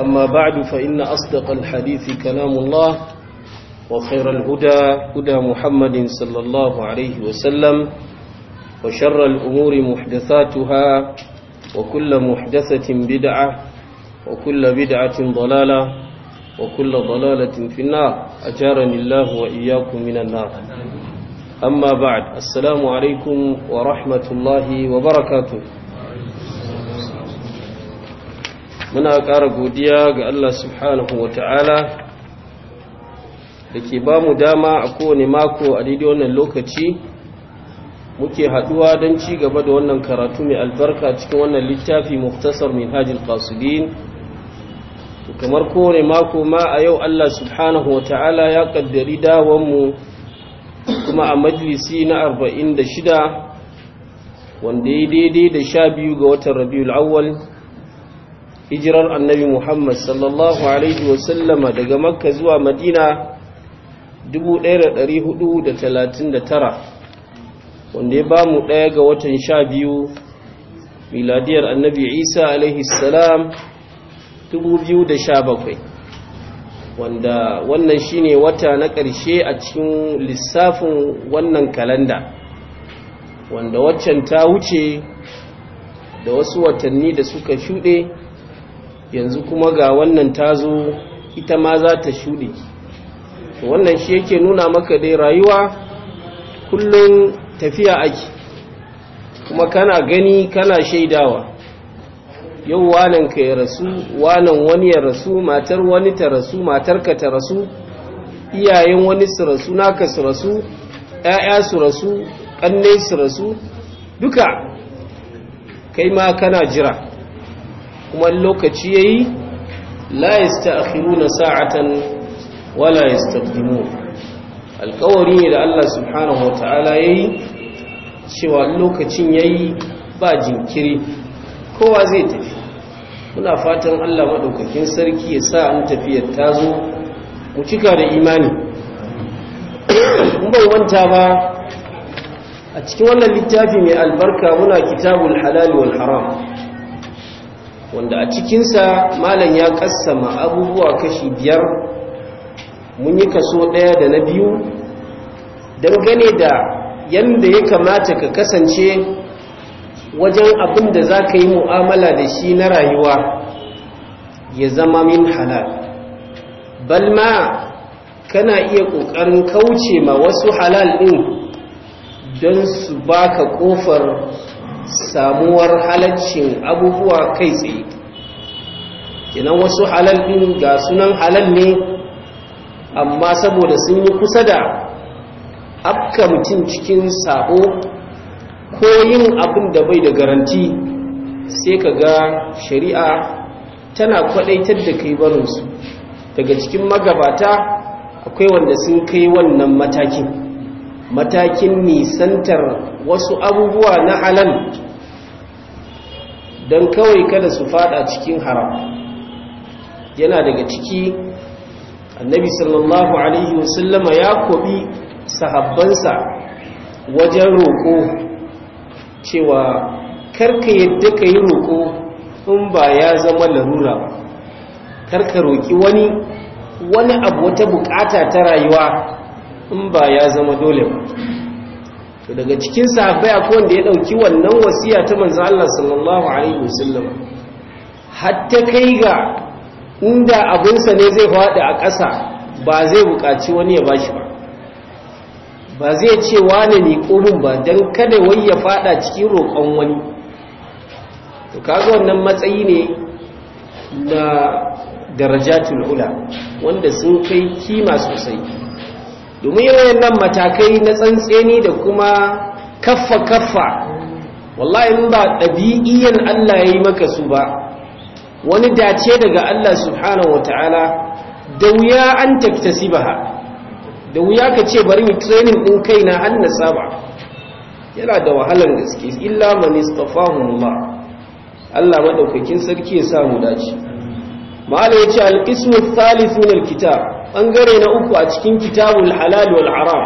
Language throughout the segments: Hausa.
أما بعد فإن أصدق الحديث كلام الله وخير الهدى هدى محمد صلى الله عليه وسلم وشر الأمور محدثاتها وكل محدثة بدعة وكل بدعة ضلالة وكل ضلالة في النار أجارني الله وإياكم من النار أما بعد السلام عليكم ورحمة الله وبركاته muna ƙara godiya ga Allah subhanahu wa ta'ala da ke ba mu dama a kowane mako a daidai wannan lokaci muke haɗuwa don ci gaba da wannan karatu mai albarka cikin wannan littafi muktasar min hajjil ƙasudin kamar kowane mako ma a yau Allah subhanahu wa ta'ala ya ƙaddari dawonmu kuma a majalisi na arba'in da shida, wanda ya daidai da sha biyu ga watan rabiul awwal hijirar annabi muhammad sallallahu alaihi wasallama daga makka zuwa madina 1439 wanda ya ba mu ɗaya ga watan sha biyu miladiyar annabi isa alaihi salam 2017 wanda wannan shine wata na ƙarshe a cikin lissafin wannan kalanda wanda waccan ta wuce da wasu watanni da suka shuɗe yanzu kuma ga wannan ta zo ita ma za ta shuɗe wannan shi yake nuna maka dai rayuwa kullum tafiya ake kuma kana gani kana shaidawa yau wanan ka ya rasu wanan wani ya rasu matar wani ta rasu matar ka ta rasu iyayen wani su rasu naka su rasu ‘ya'ya su rasu ƙanne su rasu duka kai ma kana jira kuma lokaci yayi la na sa'atan wala yastaqdimun alƙawari ne da Allah subhanahu wataala yayi cewa lokacin yayi ba jinkiri kowa zai tafi muna fatan Allah maɗaukakin sarki ya sa an tafiyar zo mu cika da imani bai wanta ba a cikin wannan littafi mai albarka muna kitabul halal wal haram wanda a cikinsa malam ya kassama abubuwa kashi biyar mun yi kaso ɗaya da na biyu dangane da yadda ya kamata ka kasance wajen abin da za ka yi mu'amala da shi na rayuwa ya zama min halal balma kana iya ƙoƙarin kauce ma wasu halal ɗin don su baka ƙofar samuwar halaccin abubuwa kai tsaye kenan wasu halal ɗin ga sunan halal ne amma saboda sun yi kusa da afka mutum cikin sabo ko yin abin da bai da garanti sai ka ga shari'a tana kwadaitar da kai barinsu daga cikin magabata akwai wanda sun kai wannan matakin matakin nisantar wasu abubuwa na halal don kawai kada su fada cikin haram yana daga ciki annabi sallallahu alaihi wasallama ya kobi sahabbansa wajen roƙo cewa karka yadda ka yi roƙo in ba ya zama larura ba karka roƙi wani wani abu wata bukata ta rayuwa in ba ya zama dole ba to daga cikin sahabbai akwai wanda ya dauki wannan wasiya ta manzon Allah sallallahu alaihi wasallam hatta kai ga inda sa ne zai faɗi a ƙasa ba zai buƙaci wani ya bashi ba ba zai ce wani ne ƙurin ba dan kada wai ya faɗa cikin roƙon wani to kaga wannan matsayi ne na darajatul ula wanda sun kai kima sosai domin yawan nan matakai na tsantseni da kuma kaffa-kaffa wallahi in ba ɗabi'iyyar Allah ya yi maka su ba wani dace daga Allah subhanahu wa ta'ala da wuya an tafi ba da wuya ka ce bari training ɗin kai na an saba yana da wahalar gaske illa stafahun ba. Allah maɗaukakin sarki ya samu dace ma'ala ya ce qismu ath alkitab ɓangare na uku a cikin kitabul halal wal haram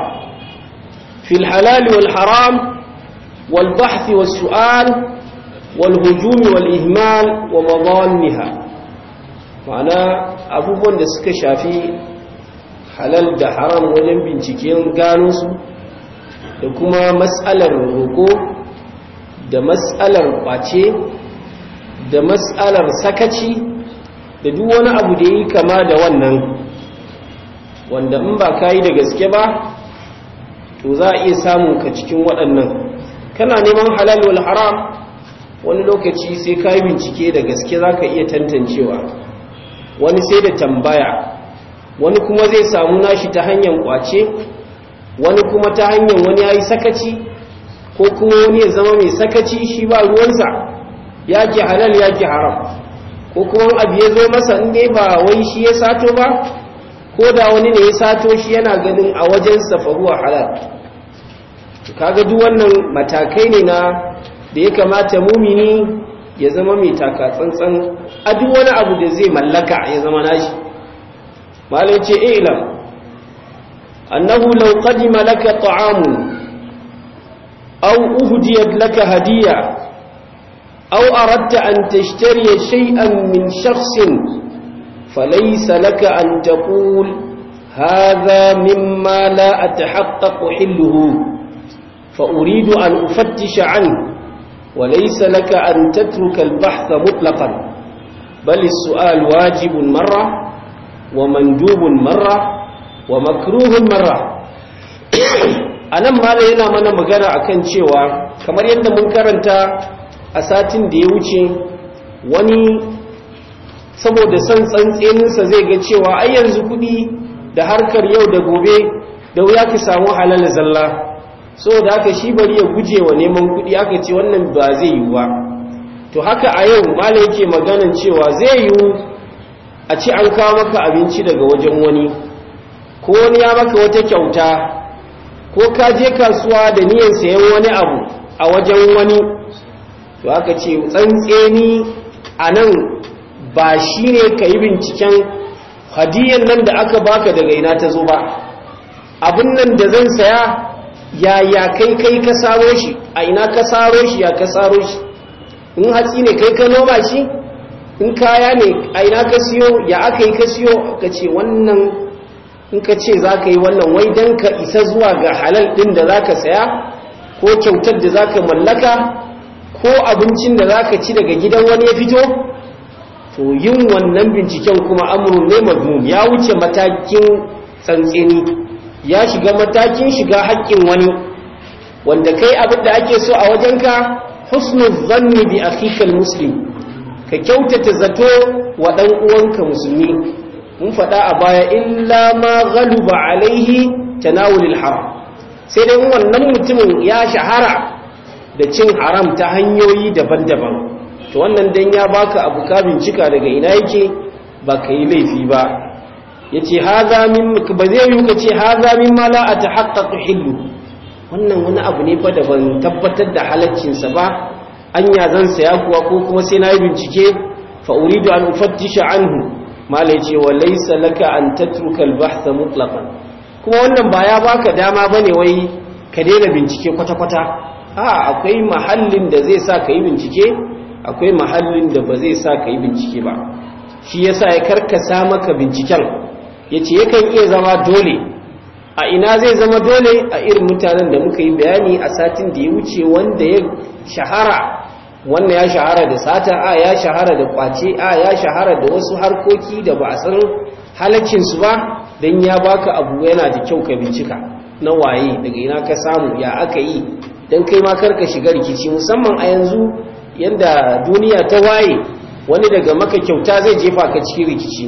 fil halal wal haram wal bahth was su'al wal hujum wal ihmal wa madaniha ma'ana abubuwan da suka shafi halal da haram wajen binciken gano su da kuma matsalar roko da matsalar ƙwace da matsalar sakaci da duk wani abu da yi kama da wannan wanda in ba ka yi da gaske ba to za a iya samun ka cikin waɗannan kana neman halal wal haram wani lokaci sai ka yi bincike da gaske za ka iya tantancewa wani sai da tambaya wani kuma zai samu nashi ta hanyar kwace wani kuma ta hanyar wani ya yi sakaci ko kuma wani ya zama mai sakaci shi ba ruwansa ya ke halal ya ke haram ko kuma abu ya zo masa inda ba wai shi ya sato ba ko da wani ne ya sato shi yana ganin a wajen safaruwa halal kaga duk wannan matakai ne na da ya kamata mumini ya zama mai taka tsantsan a duk wani abu da zai mallaka ya zama nashi malai ce ilam annahu law qadima laka ta'amun aw uhdiyat laka hadiya aw aradta an tashtariya shay'an min shakhsin فليس لك أن تقول هذا مما لا أتحقق حله فأريد أن أفتش عنه وليس لك أن تترك البحث مطلقا بل السؤال واجب مرة ومندوب مرة ومكروه مرة anan mala yana mana magana akan cewa kamar yadda mun karanta a satin da ya wuce wani saboda son tsantseninsa zai ga cewa ai yanzu kuɗi da harkar yau da gobe da wuya ka samu halal zalla saboda haka shi bari ya guje wa neman kuɗi aka ce wannan ba zai yiwu ba to haka a yau malam yake maganan cewa zai yiwu a ci an kawo maka abinci daga wajen wani ko wani ya maka wata kyauta ko ka je kasuwa da niyan sayan wani abu a wajen wani to aka ce tsantseni a nan ba shi ne ka yi binciken hadiyyar nan da aka baka daga ina ta zo ba abin nan da zan saya ya ya kai kai ka saro shi a ina ka saro shi ya ka saro shi in hatsi ne kai ka noma shi in kaya ne a ina ka siyo ya aka yi ka siyo ka ce wannan in ka ce za ka yi wannan wai don ka isa zuwa ga halal ɗin da za ka saya ko kyautar da za ka mallaka ko abincin da za ka ci daga gidan wani ya fito to yin wannan binciken kuma amrun ne mazmum ya wuce matakin tsantsini ya shiga matakin shiga haƙƙin wani wanda kai abin da ake so a wajenka husnul zanni bi akhikal muslim ka kyautata zato wa dan uwanka musulmi mun faɗa a baya illa ma ghaluba alaihi tanawulil haram sai dai wannan mutumin ya shahara da cin haram ta hanyoyi daban-daban to wannan dan ya baka abu ka bincika daga ina yake ba ka yi laifi ba yace haza min ba zai yi ka ce haza min ma la a ta hillu wannan wani abu ne fa da ban tabbatar da halaccinsa ba anya zan saya kuwa ko kuma sai na yi bincike fa uridu an ufattisha anhu mala ce wa laysa laka an tatruka al-bahth mutlaqan kuma wannan ba ya baka dama bane wai ka daina bincike kwata kwata a akwai mahallin da zai sa ka yi bincike akwai mahallin da ba zai sa ka yi bincike ba shi yasa ya karkasa maka binciken ya ce yakan iya zama dole a ina zai zama dole a irin mutanen da muka yi bayani a satin da ya wuce wanda ya shahara wannan ya shahara da sata a ya shahara da kwace a ya shahara da wasu harkoki da ba a san halaccinsu ba don ya baka abu yana da kyau ka bincika na waye daga ina ka samu ya aka yi don kai ma karka shiga rikici musamman a yanzu Yadda duniya ta waye wani daga maka kyauta zai jefa ka cikin rikici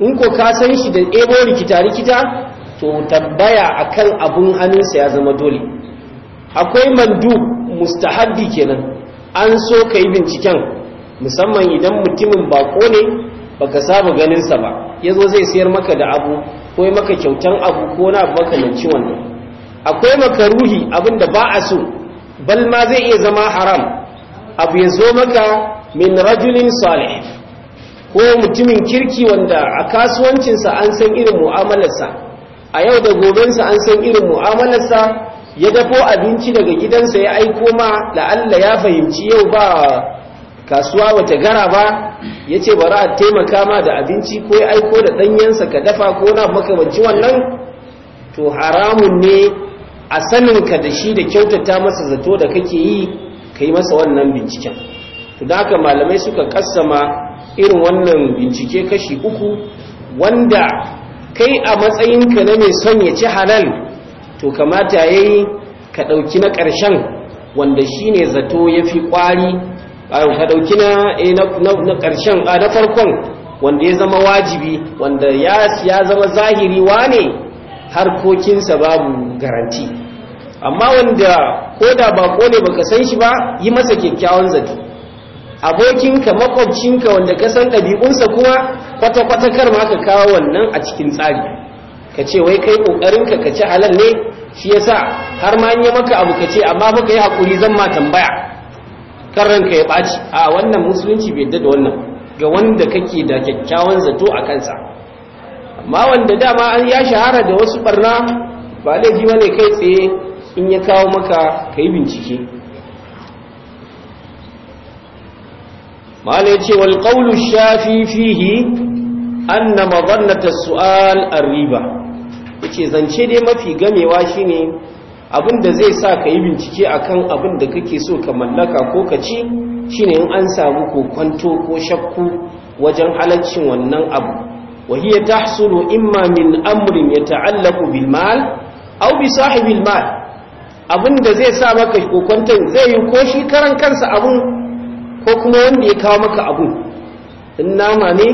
in ko ka san shi da ɗebo rikita rikita to tambaya akan abun hannunsa ya zama dole akwai mandu mustahabbi kenan an so ka yi binciken musamman idan mutumin bako ne baka saba ganinsa ba ya zo zai sayar maka da abu ko yi maka kyautan abu ko na abu makamanci wannan akwai makaruhi abin da ba a so bal ma zai iya zama haram abu ya zo maka min rajulin salih ko mutumin kirki wanda a kasuwancinsa an san irin mu'amalarsa a yau da gobensa an san irin mu'amalarsa ya dafo abinci daga gidansa ya aiko ma la'alla ya fahimci yau ba kasuwa wata gara ba ya ce bari a taimaka ma da abinci ko ya aiko da ɗanyensa ka dafa ko na makamanci wannan to haramun ne a saninka da shi da kyautata masa zato da kake yi ka yi masa wannan binciken to da haka malamai suka kassama irin wannan bincike kashi uku wanda kai a matsayinka na mai son ya ci halal to kamata ya yi ka ɗauki na ƙarshen wanda shi ne zato ya fi ƙwari ka ɗauki na e, ƙarshen na farkon wanda ya zama wajibi wanda ya zama zahiri wane harkokinsa babu garanti amma wanda ko da bako ne baka san shi ba yi masa kyakkyawan zato abokinka makwabcinka wanda ka san ɗabi'unsa kuma kwata-kwata kar ma ka kawo wannan a cikin tsari ka ce wai kai ƙoƙarinka ka ci halal ne shi yasa har ma yi maka abu ka ce amma baka yi haƙuri zan ma tambaya kan ranka ya ɓaci a wannan musulunci bai da wannan ga wanda kake da kyakkyawan zato a kansa amma wanda dama an ya shahara da wasu ɓarna, ba laifi wane kai tsaye in ya kawo maka ka yi bincike ma'ala ya ce walƙaunu shafi fihi an na mazannata su'al a riba ya ce zance dai mafi gamewa shi shine abinda zai sa ka yi bincike akan abin da kake so ka mallaka ko ka ci shine in an samu kokwanto ko shakku wajen halaccin wannan abu wahiyar ta hasulu imma min amrin ya ta'allaku bilmal au bi sahibil abin da zai sa maka kokwanton zai yi ko shi karan kansa abin ko kuma wanda ya kawo maka abin. in nama ne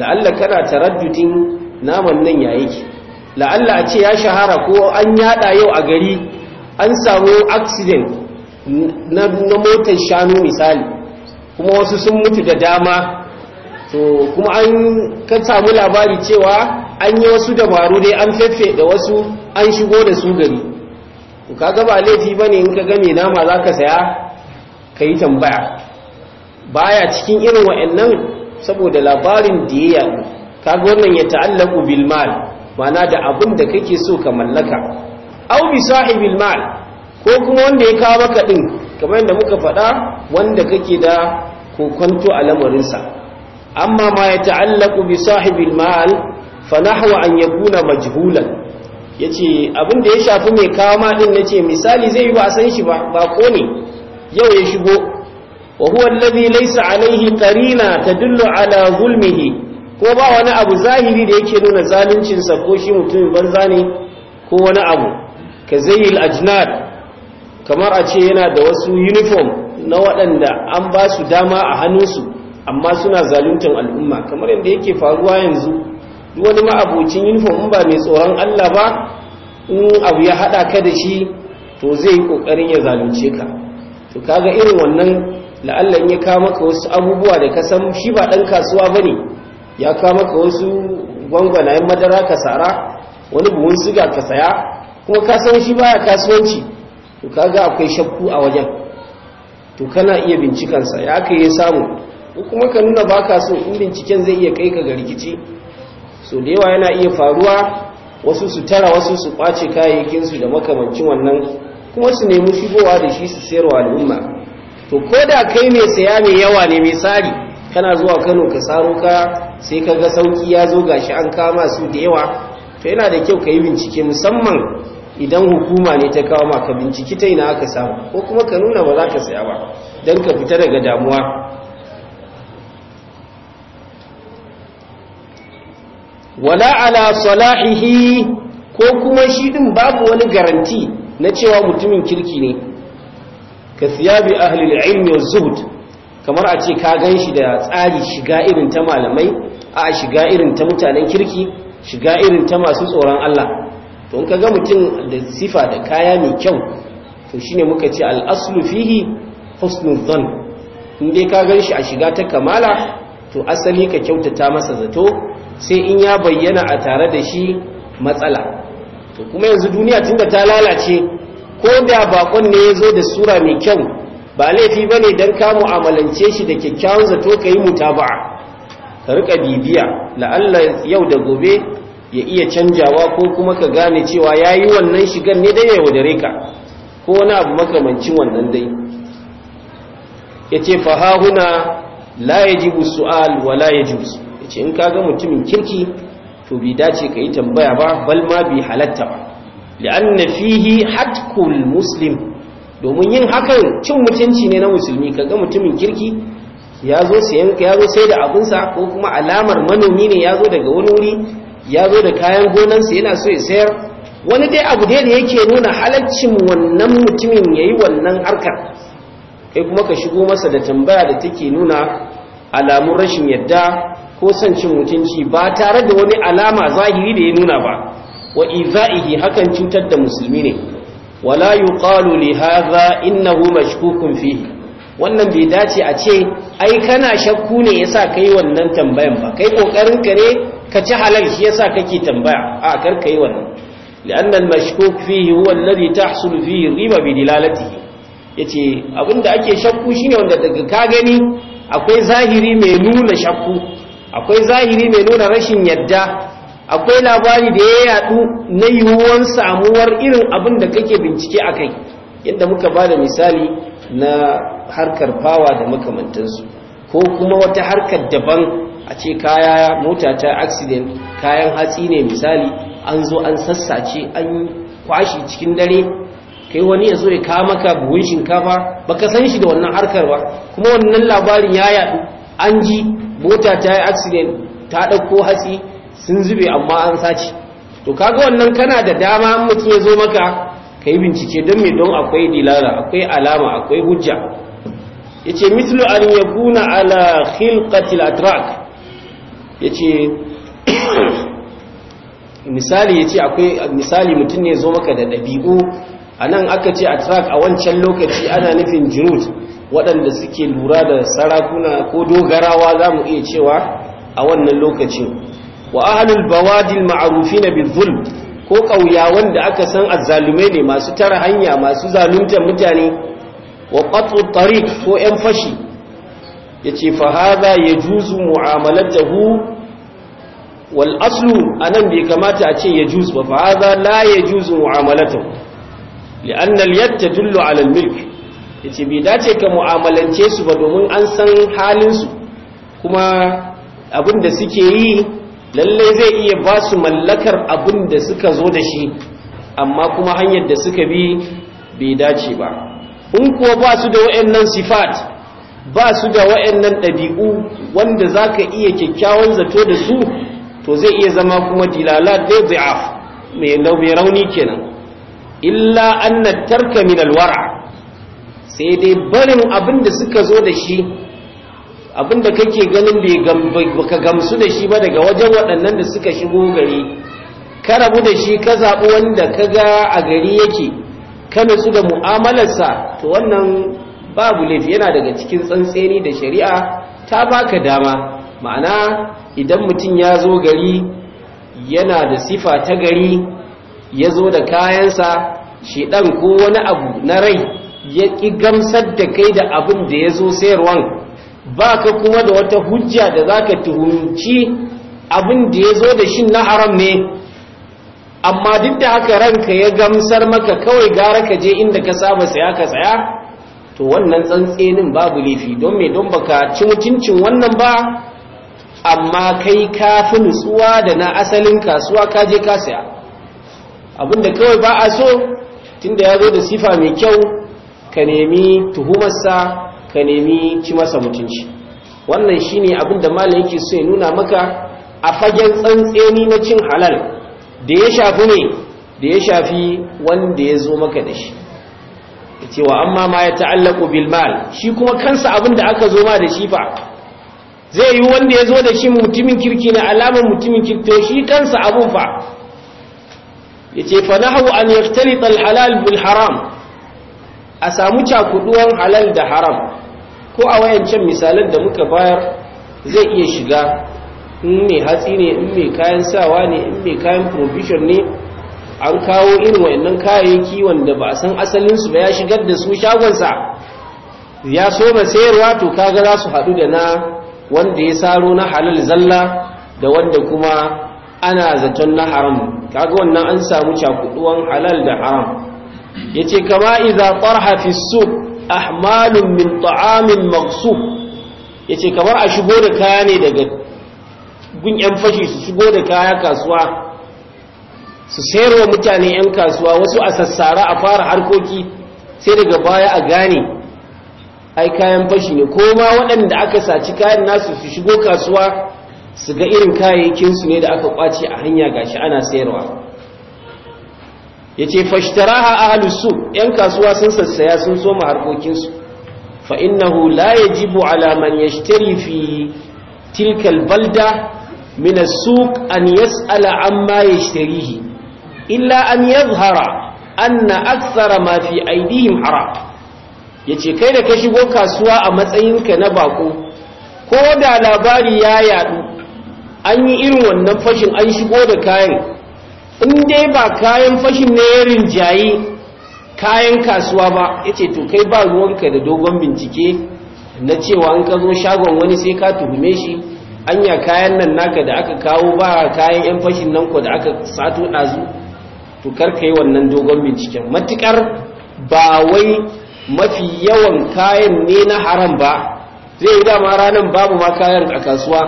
la'alla kana tarajjudin naman nan ya yake la'alla a ce ya shahara ko an yada yau a gari an samu accident na motar shanu misali kuma wasu sun mutu da dama to kuma an ka samu labari cewa an yi wasu dabaru dai an fefe da wasu an shigo da su gari ku ka ba laifi ba ne in ka gane nama ka saya ka yi tambaya baya cikin irin wa'annan saboda labarin da ya kaga wannan ya ta'allaku bilmal, mana da abin da kake so ka mallaka Au bi sahi bilmal, ko kuma wanda ya kawo maka ɗin, kamar yadda muka faɗa wanda kake da kokonto a lamarinsa amma ma ya ta'allaku bi sahi bilmal, fa nahwa an yakuna majhulan ya ce abin da ya shafi mai kawo maɗin na ce misali zai yi ba a san shi ba ko ne yau ya shigo wa huwa allazi laisa alaihi ta dullo ala gulmihi ko ba wani abu zahiri da yake nuna zaluncinsa ko shi mutumin banza ne ko wani abu ka zayil ajnad kamar a ce yana da wasu uniform na waɗanda an ba su dama a hannunsu amma suna zaluntar al'umma kamar yadda yake faruwa yanzu duk wani ma'abocin uniform in ba mai tsoron Allah ba in abu ya haɗa ka da shi to zai yi kokarin ya zalunce ka to kaga irin wannan la'alla ya kawo maka wasu abubuwa da ka san shi ba ɗan kasuwa ba ne, ya kawo maka wasu gwangwanayen madara ka sara wani buhun siga ka saya kuma ka san shi baya kasuwanci to kaga akwai shakku a wajen to kana iya bincikansa ya kai ya samu kuma ka nuna baka so in binciken zai iya kai ka ga rikici so da yawa yana iya faruwa wasu su tara wasu su ɓace kayayyakinsu da makamancin wannan kuma su nemi shigowa da shi su sayarwa al'umma to ko da kai mai saya mai yawa ne mai tsari kana zuwa kano ka saro ka sai ka ga sauki ya zo gashi an kama su da yawa to yana da kyau ka yi bincike musamman idan hukuma ne ta kawo maka binciki ta ina aka samu ko kuma ka nuna ba za ka saya ba don ka fita daga damuwa wala ala salahihi ko kuma shi din babu wani garanti na cewa mutumin kirki ne ka siyabi ahli ilmi wa zuhud. kamar a ce ka ganshi da tsari shiga irin ta malamai a shiga irin ta mutanen kirki shiga irin ta masu tsoron Allah to in kaga mutum da sifa da kaya mai kyau to shine muka ce al-aslu fihi husnul dhann in dai ka ganshi a shiga ta kamala to asali ka kyautata masa zato sai in ya bayyana a tare da shi matsala to kuma yanzu duniya tunda ta lalace ko da bakon ne ya zo da sura mai kyau ba laifi ba ne don ka mu'amalance shi da kyakkyawan zato ka yi mutaba'a ka riƙa bibiya la'alla yau da gobe ya iya canjawa ko kuma ka gane cewa ya yi wannan shigan ne dai ya wadare ka ko wani abu makamancin wannan dai ya ce fahahuna la ya ji su'al wa la ya ce in ka ga mutumin kirki to bai dace ka yi tambaya ba bal ma bai halatta ba li'anna fihi hatkul muslim domin yin hakan cin mutunci ne na musulmi Ka ga mutumin kirki ya zo sayan ya zo sai da sa ko kuma alamar manomi ne ya zo daga wani wuri ya zo da kayan gonansa yana so ya sayar wani dai abu dai da yake nuna halaccin wannan mutumin yayi wannan harkar kai kuma ka shigo masa da tambaya da take nuna alamun rashin yadda ko son cin mutunci ba tare da wani alama zahiri da ya nuna ba wa iza'ihi hakan cutar da musulmi ne wala yuqalu li hadha innahu mashkukun fihi wannan bai dace a ce ai kana shakku ne yasa kai wannan tambayan ba kai kokarin ka ne ka ci halal shi yasa kake tambaya a kar kai wannan لأن المشكوك فيه هو الذي تحصل فيه الريبة بدلالته yace abinda ake shakku shine wanda daga ka gani akwai zahiri mai nuna shakku akwai zahiri mai nuna rashin yadda akwai labari da ya yadu na yiwuwan samuwar irin abin da kake bincike a kai yadda muka ba da misali na harkar fawa da makamantansu ko kuma wata harkar daban a ce kaya mota ta accident kayan hatsi ne misali an zo an sassace an kwashi cikin dare kai wani ya zo ya kawo maka buhun shinkafa baka san shi da wannan harkar ba kuma wannan labarin ya yadu an ji mota ta yi accident ta ɗauko hatsi sun zube amma an sace to kaga wannan kana da dama an mutum ya zo maka ka yi bincike don me don akwai dilara akwai alama akwai hujja ya ce mitlu an ya guna ala khilqatil atrak ya ce misali ya ce akwai misali mutum ne zo maka da ɗabi'u a nan aka ce atrak a wancan lokaci ana nufin jirut waɗanda suke lura da sarakuna ko dogarawa za mu iya cewa a wannan lokacin wa ahlul bawadil ma'rufina bizulm ko ƙauyawan da aka san azzalumai ne masu tara hanya masu zalunta mutane wa qat'u tariq ko yan fashi yace fa hadha yajuzu mu'amalatuhu wal aslu anan bai kamata a ce yajuz ba fa hadha la yajuzu mu'amalatuhu li'anna al yad tadullu 'ala al milk ce bai dace ka mu'amalance su ba domin an san halinsu kuma abin da suke yi lallai zai iya ba su mallakar abin da suka zo da shi amma kuma hanyar da suka bi bai dace ba in kuwa ba su da wayannan sifat ba su da wayannan ɗabi'u wanda za ka iya kyakkyawan zato da su to zai iya zama kuma dilala da mai rauni kenan illa na tarka min alwara sai dai barin abin da suka zo da shi abin da kake ganin baka gamsu da shi ba daga wajen waɗannan da suka shigo gari ka rabu da shi ka zaɓi wanda ka ga a gari yake ka nutsu da mu'amalarsa to wannan babu laifi yana daga cikin tsantseni da shari'a ta baka dama ma'ana idan mutum ya zo gari yana da sifa ta gari ya zo da kayansa shi ɗan ko wani abu na rai ya ƙi gamsar da kai da abin da ya zo sayarwan ba ka kuma da wata hujja da za ka tuhumci abin da ya zo da shi na haram ne amma duk da haka ranka ya gamsar maka kawai gara ka je inda ka saba saya ka saya to wannan tsantsenin babu laifi don me don baka ci mutuncin wannan ba amma kai ka fi nutsuwa da na asalin kasuwa ka je ka saya abinda kawai ba a so tunda ya zo da sifa mai kyau ka nemi tuhumarsa ka nemi ci masa mutunci wannan shine abin da malam yake so ya nuna maka a fagen tsantseni na cin halal da ya shafi ne da ya shafi wanda ya zo maka da shi cewa amma ma ya ta'allaku bilmal shi kuma kansa abin da aka zo ma da shi fa zai yi wanda ya zo da shi mutumin kirki na alamar mutumin kirki shi kansa abun fa yace fa nahu an yaktalita halal bil haram a samu cakuduwan halal da haram ko a wayancan misalin da muka bayar zai iya shiga in mai hatsi ne in mai kayan sawa ne in mai kayan provision ne an kawo irin wayannan kayayyaki wanda ba a san asalinsu ba ya shigar da su shagonsa ya so ba sayarwa to kaga za su haɗu da na wanda ya saro na halal zalla da wanda kuma ana zaton na haram kaga wannan an samu cakuduwan halal da haram yace kama idza tarha fi suq ahmalun min ta'amin maghsub yace kamar a shigo da kaya ne daga gun yan fashi su shigo da kaya kasuwa su sayarwa mutane yan kasuwa wasu a sassara a fara harkoki sai daga baya a gane ai kayan fashi ne ko ma waɗanda aka saci kayan nasu su shigo kasuwa su ga irin kayayyakinsu ne da aka kwace a hanya gashi ana sayarwa ya ce fashtaraha ahalussu ‘yan kasuwa sun sassaya sun soma harkokinsu fa'innahu la ya jibu alaman ya shtari fi tilkal balda mina suk an yas'ala an ma ya shtarihi illa an yazhara an na aksara mafi aidihim haram ya ce kai da ka shigo kasuwa a matsayinka na bako ko da labari ya yadu an yi irin wannan fashin an shigo da kayan in dai ba kayan fashin na ya rinjayi kayan kasuwa ba ya ce to kai ba ruwanka da dogon bincike na cewa in ka zo shagon wani sai ka tuhume shi anya kayan nan naka da aka kawo ba kayan 'yan fashin nan ku da aka sato ɗazu to karka yi wannan dogon binciken matukar ba wai mafi yawan kayan ne na haram ba zai yi dama ranar babu ma kayan a kasuwa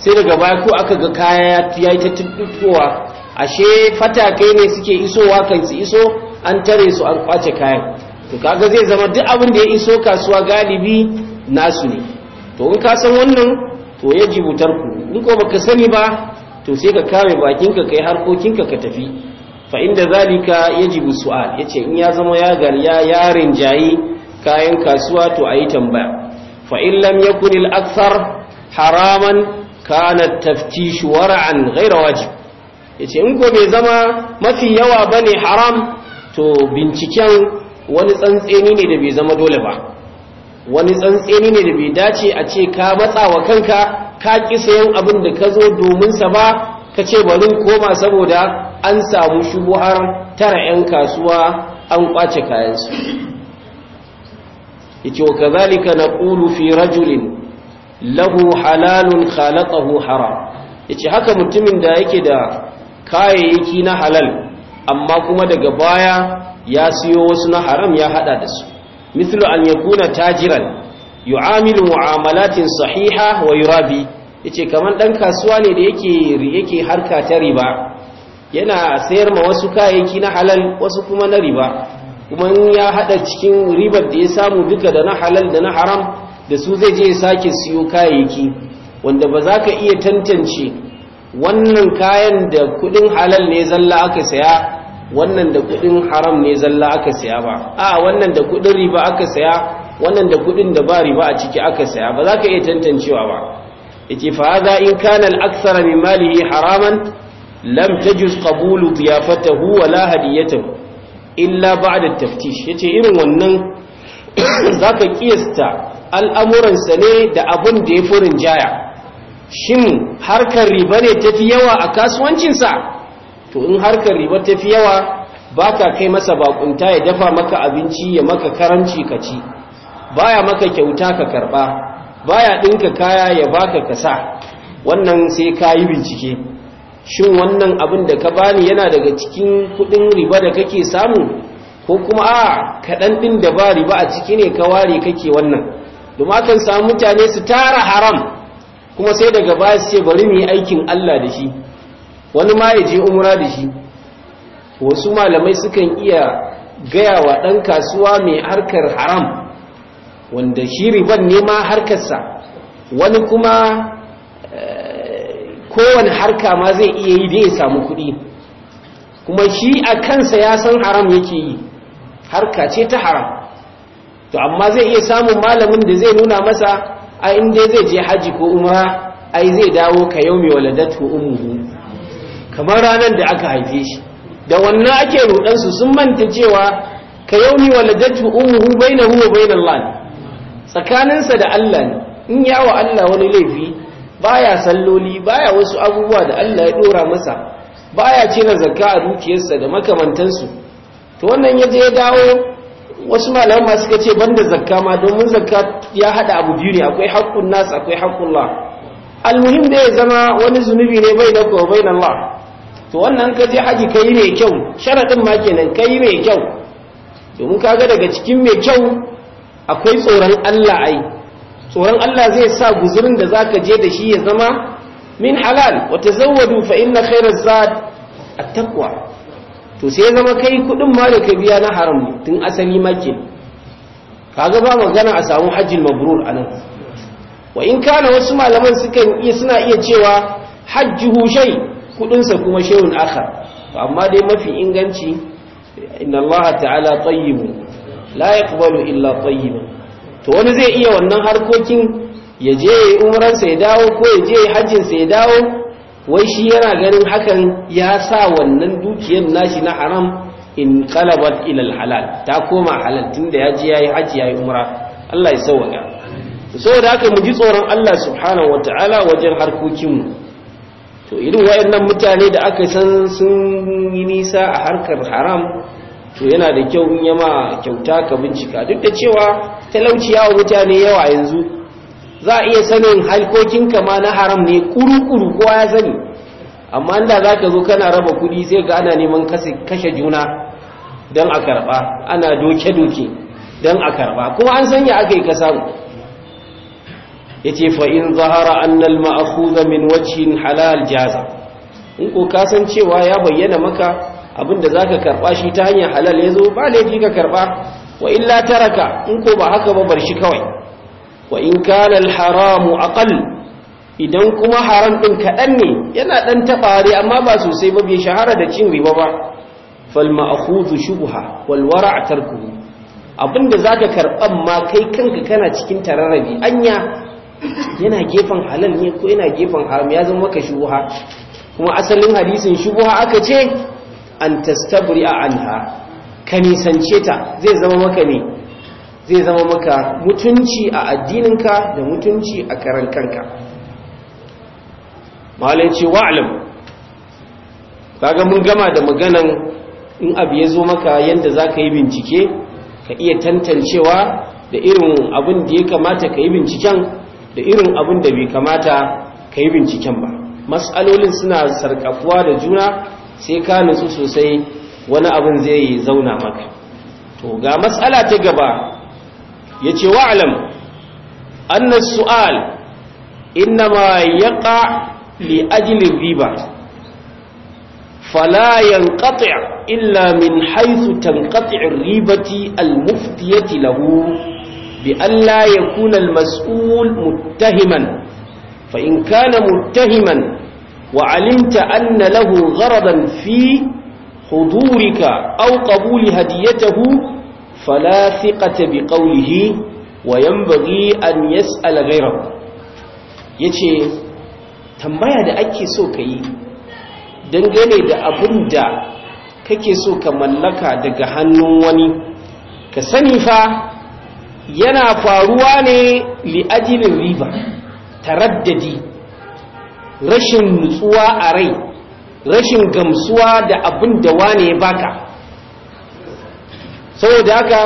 sai daga baya ko aka ga kaya ya yi ta tuttuwa ashe fatakai ne suke isowa kai su iso an tare su an kwace kayan to kaga zai zama duk abin da ya iso kasuwa galibi nasu ne to in ka san wannan to ya jibutar ku in ko baka sani ba to sai ka kame bakinka kai harkokinka ka tafi fa inda zalika yajibu su'al yace in ya zama ya garya yarin jayi kayan kasuwa to ayi tambaya fa in lam yakun al haraman kana at-taftish wara'an ghayra wajib yace in ko bai zama mafi yawa bane haram to binciken wani tsantseni ne da bai zama dole ba wani tsantseni ne da bai dace a ce ka matsa wa kanka ka kisa sayan abin da ka zo domin sa ba ka ce bari koma saboda an samu shubuhar tara 'yan kasuwa an kwace kayansu yace wa na ƙulu fi rajulin lahu halalun khalaqahu haram yace haka mutumin da yake da kayayyaki na halal amma kuma daga baya ya siyo wasu na haram ya hada da su mithlu an yakuna tajiran yu'amilu mu'amalatin sahiha wa yurabi yace kaman dan kasuwa ne da yake yake harka ta riba yana sayar ma wasu kayayyaki na halal wasu kuma na riba kuma in ya hada cikin ribar da ya samu duka da na halal da na haram da su zai je ya sake siyo kayayyaki wanda ba za ka iya tantance wannan kayan da kudin halal ne zalla aka saya wannan da kudin haram ne zalla aka saya ba a wannan da kudin riba aka saya wannan da kudin da ba riba a ciki aka saya ba za ka iya tantancewa ba yace fa hadha in kana al-akthar min malihi haraman lam tajuz qabulu diyafatahu wala hadiyatahu illa ba'da taftish yace irin wannan zaka kiyasta al'amuransa ne da abun da ya furin jaya shin harkar riba ne tafi yawa a kasuwancinsa to in harkar riba tafi yawa ba ka kai masa bakunta ya dafa maka abinci ya maka karanci ka ci baya maka kyauta ka karba baya ɗinka kaya ya baka kasa wannan sai ka yi bincike shin wannan abin da ka bani yana daga cikin kuɗin riba da kake samu ko kuma a kaɗan ɗin da ba riba a ciki ne ka ware kake wannan domin akan samu mutane su tara haram kuma sai daga baya su ce bari mu yi aikin Allah da shi wani ma ya je umra da shi wasu malamai sukan iya gaya wa ɗan kasuwa mai harkar haram wanda shi riban ne harkarsa wani kuma eh, kowane harka ma zai iya yi da ya samu kuɗi kuma shi a kansa ya san haram yake yi harka ce ta haram to amma zai iya samun malamin da zai nuna masa a inda zai je haji ko umra ai zai dawo ka yau mai ko ummuhu kamar ranar da aka haife shi da wannan ake rudansu sun manta cewa ka yau mai bai na huwa bai na lan tsakaninsa da Allah ne in yawa Allah wani laifi baya salloli baya wasu abubuwa da Allah ya dora masa baya cire zakka a dukiyarsa da makamantansu to wannan je ya dawo wasu malaman masu suka ce banda zakka ma domin zakka ya haɗa abu biyu ne akwai haƙƙun nasa, akwai haƙƙun la almuhim da ya zama wani zunubi ne bai da kowa bai Allah to wannan ka je haji kai mai kyau sharaɗin ma kenan kai mai kyau domin kaga daga cikin mai kyau akwai tsoron Allah ai tsoron Allah zai sa guzurin da za ka je da shi ya zama min halal wa tazawwadu fa inna khayra zad at-taqwa to sai zama kai kudin ma da ka biya na haram tun asali makin ga ba magana a samu hajjil mabrur anan wa in kana wasu malaman sukan iya suna iya cewa hajjuhu shay kudin sa kuma shay'un akhar amma dai mafi inganci inna Allah ta'ala tayyib la yaqbalu illa tayyib to wani zai iya wannan harkokin ya je umran sai ya dawo ko ya je hajjin sai ya dawo wai shi yana ganin hakan ya sa wannan dukiyar nashi na haram in qalabat ilal halal ta koma halal da ya ji yayi haji yayi umra Allah ya sauka saboda haka mu ji tsoron Allah subhanahu wataala wajen harkokin mu to irin wayannan mutane da aka san sun yi nisa a harkar haram to yana da kyau in yama kyauta ka bincika duk da cewa talauci yawa mutane yawa yanzu za a iya sanin halkokin kama na haram ne kuru-kuru kowa ya sani amma inda za ka zo kana raba kudi sai ga ana neman kashe juna don a karba ana doke-doke don a karba kuma an sanya aka yi kasa ya ce fa'in zahara annal ma'akuza min wacin halal jaza in ko kasan cewa ya bayyana maka abinda za ka karba shi ta hanyar halal ya zo ba laifi ka karba wa illa taraka in ko ba haka ba bar shi kawai wa in kana al-haramu aqall idan kuma haram din kadan ne yana dan tafare amma ba sosai ba bai shahara da cin riba ba fal ma'khudhu shubha wal wara' tarkuhu abinda zaka karban ma kai kanka kana cikin tararrabi anya yana gefen halal ne ko yana gefen haram ya zama maka shubha kuma asalin hadisin shubha aka ce an tastabri'a anha ka nisance ta zai zama maka ne zai zama maka mutunci a addininka da mutunci a karan kanka malai ce wa'alam kaga mun gama da maganan in abu ya zo maka yadda za ka yi bincike ka iya tantancewa da irin abin da ya kamata ka yi binciken da irin abin da bai kamata ka yi binciken ba matsalolin suna sarkafuwa da juna sai ka nutsu sosai wani abin zai zauna maka to ga matsala ta gaba yace wa'lam anna su'al innama yaqa li ajli riba فلا ينقطع إلا من حيث تنقطع الريبة المفتية له بألا يكون المسؤول متهما فإن كان متهما وعلمت أن له غرضا في حضورك أو قبول هديته fala thiqata bi qawlihi wa yanbaghi an yas'al ghayrahu yace tambaya da ake so kai dangane da abin da kake so ka mallaka daga hannun wani ka sani fa yana faruwa ne li'ajilin riba taraddadi rashin nutsuwa a rai rashin gamsuwa da abin da wane ya baka saboda haka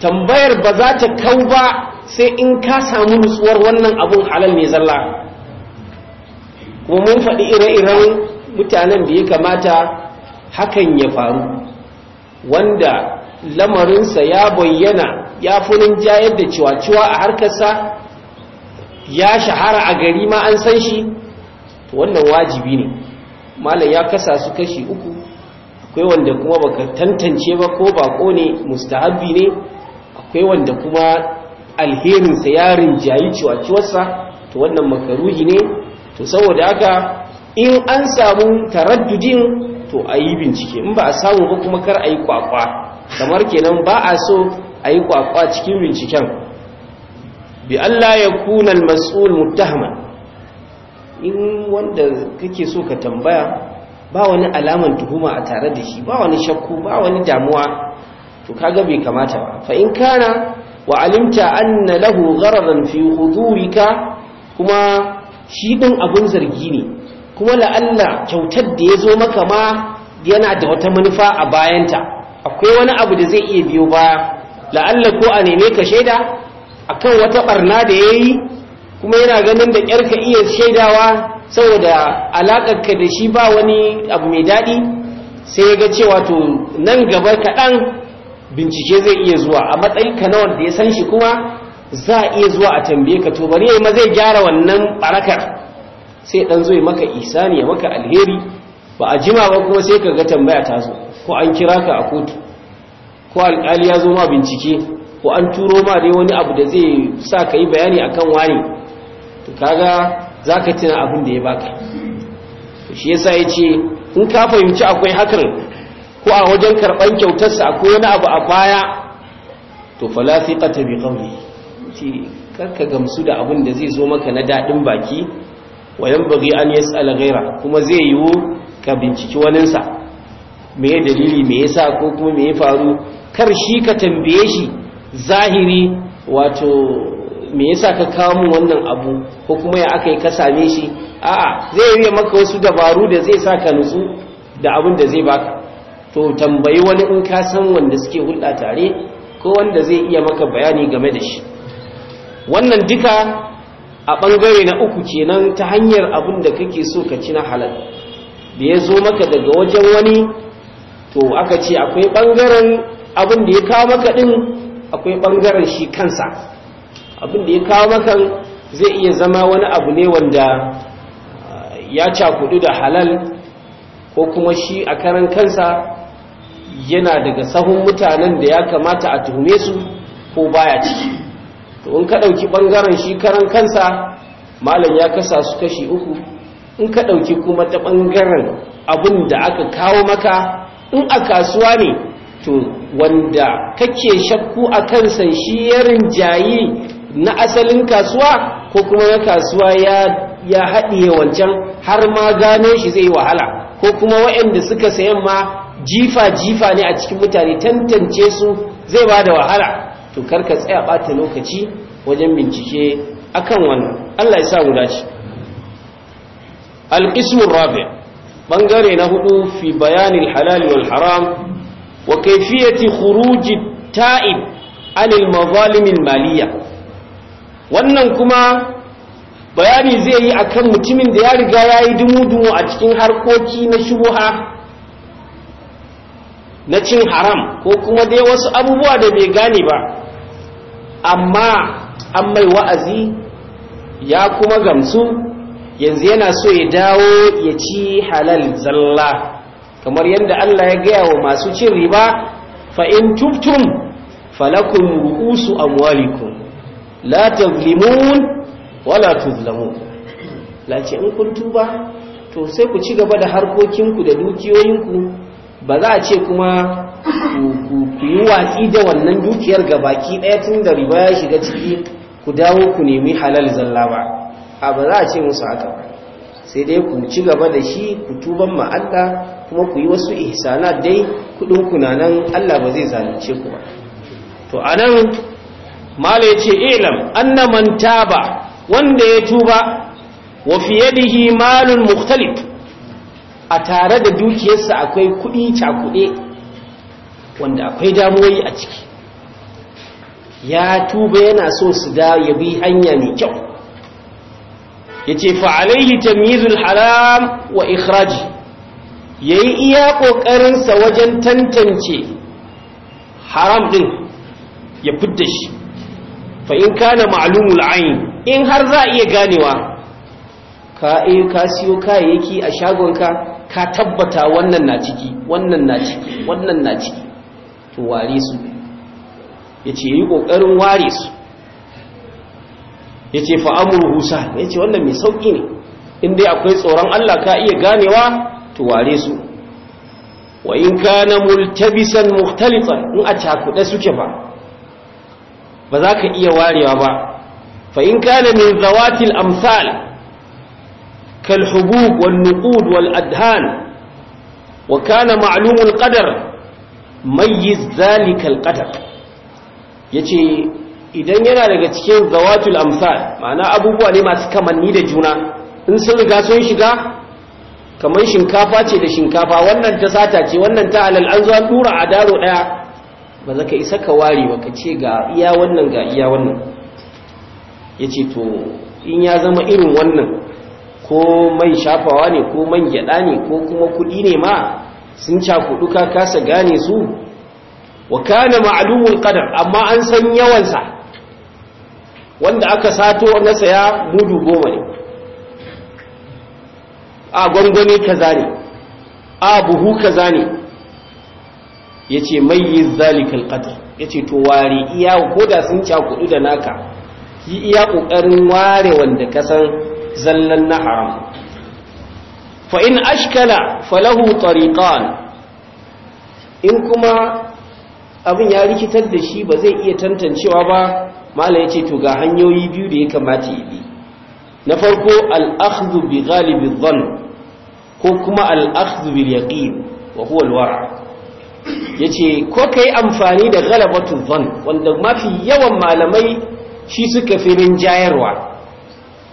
tambayar ba za ta kau ba sai in ka samu nutsuwar wannan abun halal mai zalla kuma mun faɗi ire-iren mutanen da ya kamata hakan ya faru wanda lamarinsa ya bayyana ya funin jayar da ciwa-ciwa a harkarsa ya shahara a gari ma an san shi wannan wajibi ne malam ya kasa su kashi uku akwai wanda kuma baka tantance ba ko bako ne mustahabbi ne akwai wanda kuma alherinsa yarin jayi ciwaciwarsa to wannan makaruhi ne to saboda haka in an samu taraddudin to a bincike in ba a samu ba kuma kar a kwakwa kamar kenan ba a so ayi kwakwa cikin binciken bi Allah ya al mas'ul muttahama in wanda kake so ka tambaya ba wani alaman tuhuma a tare da shi ba wani shakku ba wani damuwa to kaga bai kamata ba fa in kana wa alimta anna lahu gharadan fi hudurika kuma shi din abun zargi ne kuma la'alla kyautar da ya zo maka ma yana da wata manufa a bayanta akwai wani abu da zai iya biyo baya la'alla ko a neme ka shaida akan wata barna da yayi kuma yana ganin da kyarka iya shaidawa saboda alaƙarka da shi ba wani abu mai daɗi sai ya ga cewa to nan gaba kaɗan bincike zai iya zuwa a matsayin ka na wanda ya san shi kuma za a iya zuwa a tambaye ka to bari ya ma zai gyara wannan barakar sai dan zo maka isani ya maka alheri ba a jima ba kuma sai ka ga tambaya ta zo ko an kira ka a kotu ko alƙali ya zo ma bincike ko an turo ma dai wani abu da zai sa ka yi bayani akan wani to kaga za ka tuna abin da ya baka shi yasa ya ce in ka fahimci akwai hakan ko a wajen karɓar kyautarsa akwai wani abu a baya to falafi ƙata bi kawai, ce karka gamsu da abin da zai zo maka na daɗin baki wayan bari an yi tsala gaira kuma zai yiwu ka binciki waninsa me ya dalili me sa ko kuma me ya faru kar shi ka tambaye shi zahiri wato me yasa ka kawo mu wannan abu ko kuma ya aka yi ka same shi a'a zai yi maka wasu dabaru da zai sa ka nutsu da abin da zai baka to tambayi wani in ka san wanda suke hulɗa tare ko wanda zai iya maka bayani game da shi wannan duka a ɓangare na uku kenan ta hanyar abin da kake so ka ci na halal da ya zo maka daga wajen wani to aka ce akwai ɓangaren abin da ya kawo maka ɗin akwai ɓangaren shi kansa abin da ya kawo maka zai iya zama wani abu ne wanda uh, ya cakudu da halal ko kuma shi a karan kansa yana daga sahun mutanen da ya kamata a tuhume su ko baya ciki to in ka ɗauki bangaren shi karan kansa malam ya kasa su kashi uku in ka ɗauki kuma ta bangaren abin da aka kawo maka in a kasuwa ne to wanda kake shakku a kansa shi ya rinjayi na asalin kasuwa ko kuma na kasuwa ya ya haɗiye wancan har ma gane shi zai wahala ko kuma waɗanda suka sayan ma jifa-jifa ne a cikin mutane tantance su zai ba da wahala to karka tsaya ɓata lokaci wajen bincike akan wannan allah ya sa mu Al-ismin rabi ɓangare na hudu fi bayanin halali wal haram wa kaifiyati khuruji ta'ib anil mazalimin maliyya wannan kuma bayani zai yi akan mutumin da ya riga ya yi dumudumu a cikin harkoki na shubuha na cin haram ko kuma dai wasu abubuwa da bai gane ba amma an mai wa'azi ya kuma gamsu yanzu yana so ya dawo ya ci halal zalla kamar yadda Allah ya gaya wa masu cin riba fa'in tuftum falakun ru'usu amwalikum la tazlimun wala tuzlamun lace in kun tuba to sai ku ci gaba da harkokinku da dukiyoyinku ba za a ce kuma ku yi watsi da wannan dukiyar gabaki ɗaya tun da riba ya shiga ciki ku dawo ku nemi halal zalla ba a ba za a ce musu haka ba sai dai ku ci gaba da shi ku tuban ma'adda kuma ku yi wasu ihsana dai kudin kunanan Allah ba zai zalunce ku ba to anan mala yace ilam anna manta taba wanda ya tuba wa fi yadihi malun mukhtalif a tare da dukiyarsa akwai kudi cakude wanda akwai damuwai a ciki ya tuba yana so su da ya bi hanya mai kyau Ya ce, fa alaihi tamizul haram wa ikhraji yayi iya ƙoƙarinsa wajen tantance haram ɗin, ya da shi fa in kana ma'lumul ayn in har za iya ganewa ka eh ka siyo kayayyaki a shagonka ka tabbata wannan na ciki wannan na ciki wannan na ciki to ware su yace yi kokarin ware su yace fa amruhu Ya yace wannan mai sauki ne in dai akwai tsoron Allah ka iya ganewa to ware su wa in kana multabisan mukhtalifan in a cakuɗe suke ba ba za ka iya warewa ba fa in kana zawatil amsal kal hubub wal nuqud wal adhan wa kana ƙadar, al qadar mayyiz zalika al idan yana daga cikin zawatul amsal ma'ana abubuwa ne masu kamanni da juna in sun riga sun shiga kamar shinkafa ce da shinkafa wannan ta sata ce wannan ta halal an zo dura a daro ɗaya ba za ka isa ka ware ba ka ce ga iya wannan ga iya wannan ya ce to in ya zama irin wannan ko mai shafawa ne ko man gyada ne ko kuma kuɗi ne ma sun cakudu ka kasa gane su wa kane ma'lumul ƙadar amma an san yawansa wanda aka sato na saya mudu goma ne a gwangwane ka ne a buhu ka zane ya ce mai yi zalikin qadr ya ce to ware iya ko da sun cakudu da naka yi iya ƙoƙarin ware wanda kasan san zallan na haram fa in ashkala falahu tariqan in kuma abin ya rikitar da shi ba zai iya tantancewa ba mala ya ce to ga hanyoyi biyu da ya kamata ya bi na farko al'akhdhu bi ghalibi ko kuma al'akhdhu bil yaƙi wa huwa al ya ce ko ka yi amfani da galabatu zan wanda mafi yawan malamai shi suka fi jayarwa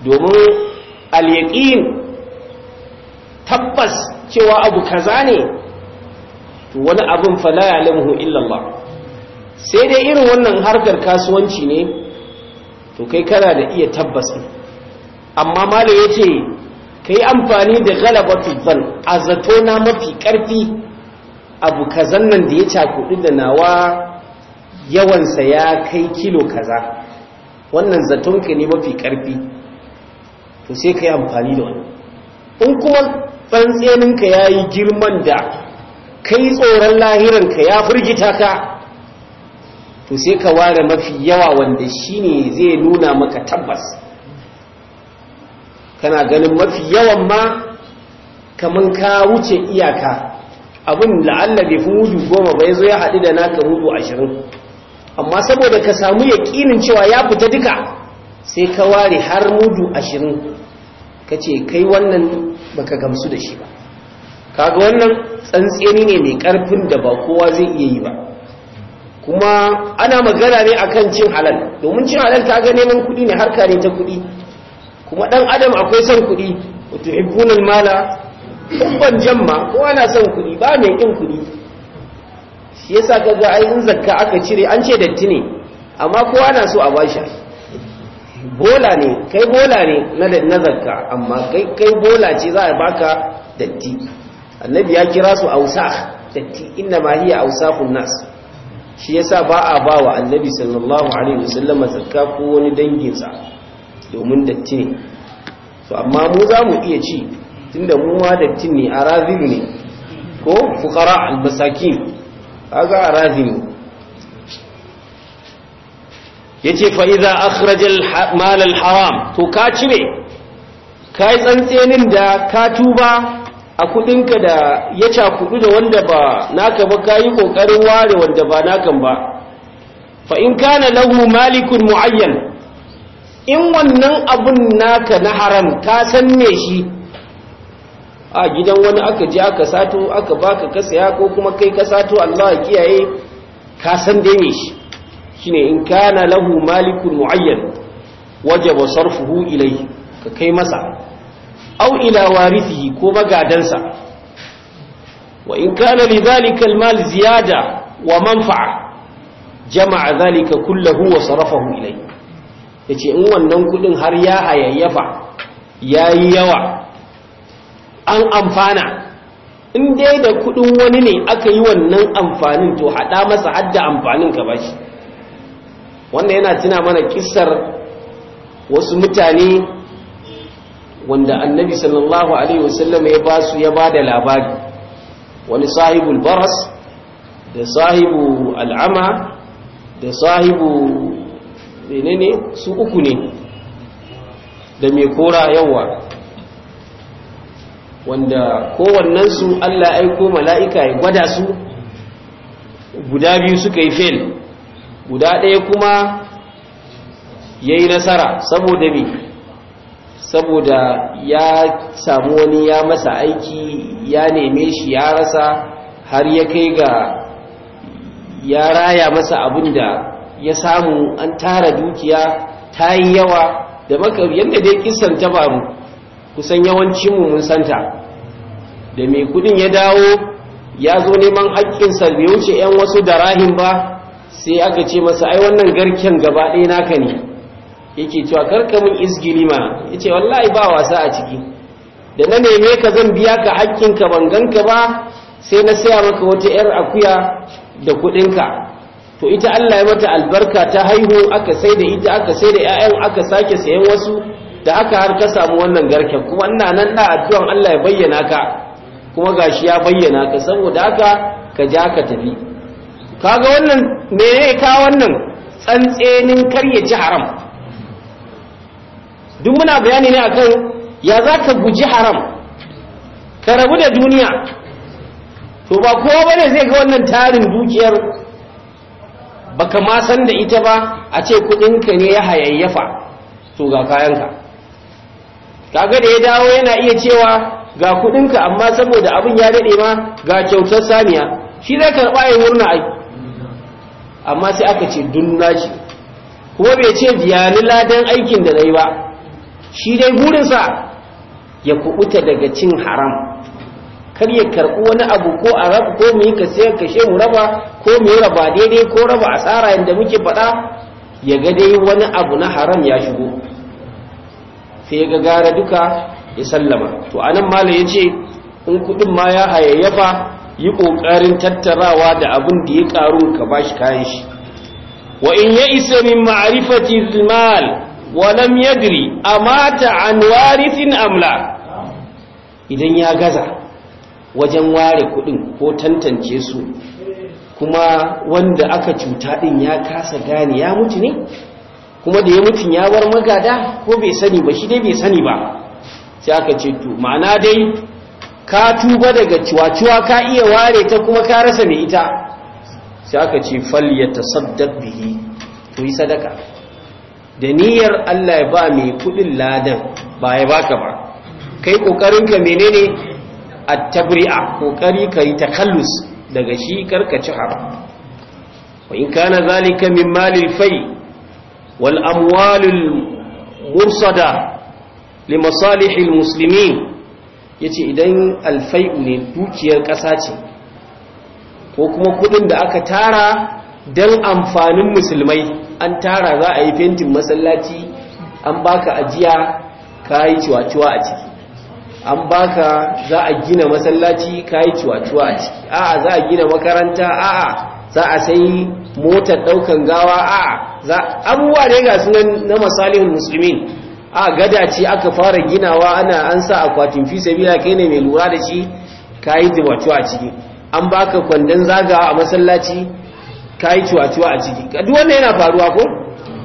domin alyaƙin tabbas cewa abu kaza ne wani abin fala ya illallah sai dai irin wannan harkar kasuwanci ne to kai kana da iya tabbas amma malam ya ce ka yi amfani da galabatu zan a zato na mafi ƙarfi abu kazan nan da ya cakudu da nawa yawansa ya kai kilo kaza wannan zatonka ne mafi karfi to sai ka yi amfani da wani in kuma tsantseninka ya yi girman da kai tsoron lahiranka ya firgita ka to sai ka ware mafi yawa wanda shi ne zai nuna maka tabbas kana ganin mafi yawan ma kamun ka wuce iyaka abin la'alla bai fi mudu goma ba ya zo ya haɗu da naka mudu ashirin amma saboda ka samu yaƙinin cewa ya fita duka sai ka ware har mudu ashirin ka ce kai wannan baka gamsu da shi ba kaga wannan tsantseni ne mai ƙarfin da ba kowa zai iya yi ba kuma ana magana ne akan cin halal domin cin halal ta ga neman kuɗi ne harka ne ta kuɗi kuma ɗan adam akwai son kuɗi wato mala ban jamma kowa na son kuɗi ba mai ƙin kuɗi shi yasa kaga ainihin zakka aka cire an ce datti ne amma kowa na so a bashi bola ne kai bola ne na zakka amma kai kai bola ce za a baka datti annabi ya kira su ausa datti inna ma hiya ausaqun nas shi yasa ba a ba wa annabi sallallahu alaihi wasallam zakka ko wani danginsa domin datti ne to amma mu za mu iya ci tunda mu wadattin ne arazilu ne ko fukara albasakin kaga arazilu yace fa ce akhraja a mal malar haram to ka cire yi tsantsenin da ka tuba a kudinka da ya kudu da wanda ba naka ba yi kokarin ware wanda ba nakan ba fa in kana lahu malikun muayyan in wannan abun naka na haram ka san ne shi a gidan wani aka je aka sato aka baka ka saya ko kuma kai ka sato Allah ya kiyaye ka san dai me shi shine in kana lahu malikun muayyan wajaba sarfuhu ilayhi ka kai masa aw ila warithihi ko magadansa wa in kana li al mal ziyada wa manfa'a jama'a zalika kullahu wa sarafahu ilayhi yace in wannan kudin har ya hayayyafa yayi yawa an amfana in dai da kudin wani ne aka yi wannan amfanin to hada masa hadda amfanin ka ba shi. wanda yana tuna mana kissar wasu mutane wanda annabi sallallahu alaihi wasallam ya ba su ya ba da labari wani sahibul baras da sahibu al'ama da sahibu menene su uku ne da mai kora yawa wanda kowannensu Allah aiko mala'ika ya gwada su guda biyu suka yi fail guda ɗaya kuma ya yi nasara saboda mi saboda ya samu wani ya masa aiki ya neme shi ya rasa har ya kai ga ya raya masa abin da ya samu an tara dukiya ta yi yawa da maka yadda dai kisan ta faru kusan mu mun santa da mai kudin ya dawo ya zo neman sa bai wuce 'yan wasu darahin ba sai aka ce masa ai wannan garken gaba ɗaya naka ne yake cewa karka mun isgili ma yace wallahi ba wasa a ciki da na neme ka zan biya ka ka ban ganka ba sai na saya maka wata 'yar akuya da ka to ita Allah ya mata albarka ta haihu aka sai da ita aka sai da 'ya'yan aka sake sayan wasu da aka har ka samu wannan garken kuma ina nan na addu'an Allah ya bayyana ka kuma gashi ya bayyana ka saboda haka ka ja ka tafi kaga wannan me ne ka wannan tsantsenin karya ji haram duk muna bayani ne akan ya za ka guji haram ka rabu da duniya to ba kowa bane zai ga wannan tarin dukiyar baka ma san da ita ba a ce kudinka ne ya hayayyafa to ga kayanka kaga da ya dawo yana iya cewa ga kuɗinka amma saboda abin ya dade ma ga kyautar saniya shi zai karba ya murna ai amma sai aka ce dunna shi. kuma bai ce biyani ladan aikin da na ba shi dai sa ya kubuta daga cin haram kar ya karɓi wani abu ko a rabu ko mu yi ka sai ka mu raba ko mu yi raba daidai ko raba a asara yadda muke faɗa ya ga dai wani abu na haram ya shigo sai ya gagara duka ya sallama to anan malam ya ce in kuɗin ma ya hayayyafa yi ƙoƙarin tattarawa da abin da ya ƙaru ka bashi kayan shi wa in ya isa min ma'arifati mal wa lam yadri amata an warithin amla idan ya gaza wajen ware kuɗin ko tantance su kuma wanda aka cuta ɗin ya kasa gane ya mutu ne kuma da ya mutum ya bar magada ko bai sani ba shi dai bai sani ba sai aka ce to ma'ana dai ka tuba daga ciwa-ciwa ka iya ware ta kuma ka rasa mai ita sai aka ce fal yatasaddaq bihi to yi sadaka da niyyar Allah ya ba mai kudin ladan ba ya baka ba kai kokarin ka menene at-tabri'a kokari yi takallus daga shi karkaci haram wa in kana zalika min malil fai wal amwalul mursada li masalihil muslimin yace idan alfai'u ne dukiyar ƙasa ce ko kuma kudin da aka tara don amfanin musulmai an tara za a yi fentin masallaci an baka ajiya ka yi ciwaciwa a ciki an baka za a gina masallaci ka yi ciwaciwa a ciki a'a za a gina makaranta a'a za a sai motar daukan gawa a'a za abubuwa ne ga sunan na masalihun musulmin a gada ce aka fara ginawa ana an sa akwatin fi sabila kai ne mai lura da shi kayi diwatuwa a ciki an baka kwandon zagawa a masallaci kayi ciwaciwa a ciki duk wannan yana faruwa ko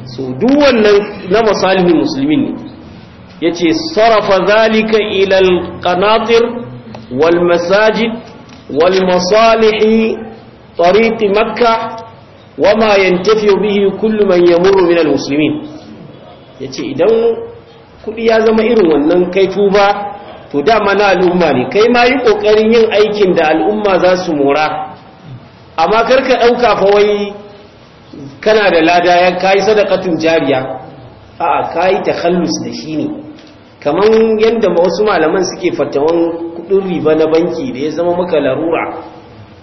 so duk wannan na masalihun musulmin ne yace sarafa zalika ila alqanatir wal masajid wal masalihi, tariq makkah wama yantafi bihi kullu man yamuru min almuslimin yace idan kudi ya zama irin wannan kai ba, to dama na al'umma ne kai ma yi kokarin yin aikin da al'umma za su mora amma karka ɗauka fa wai kana da lada ya kai sadaqatin jariya a'a kai takhallus da shi ne Kamar yadda wasu malaman suke fatawan kudin riba na banki da ya zama maka larura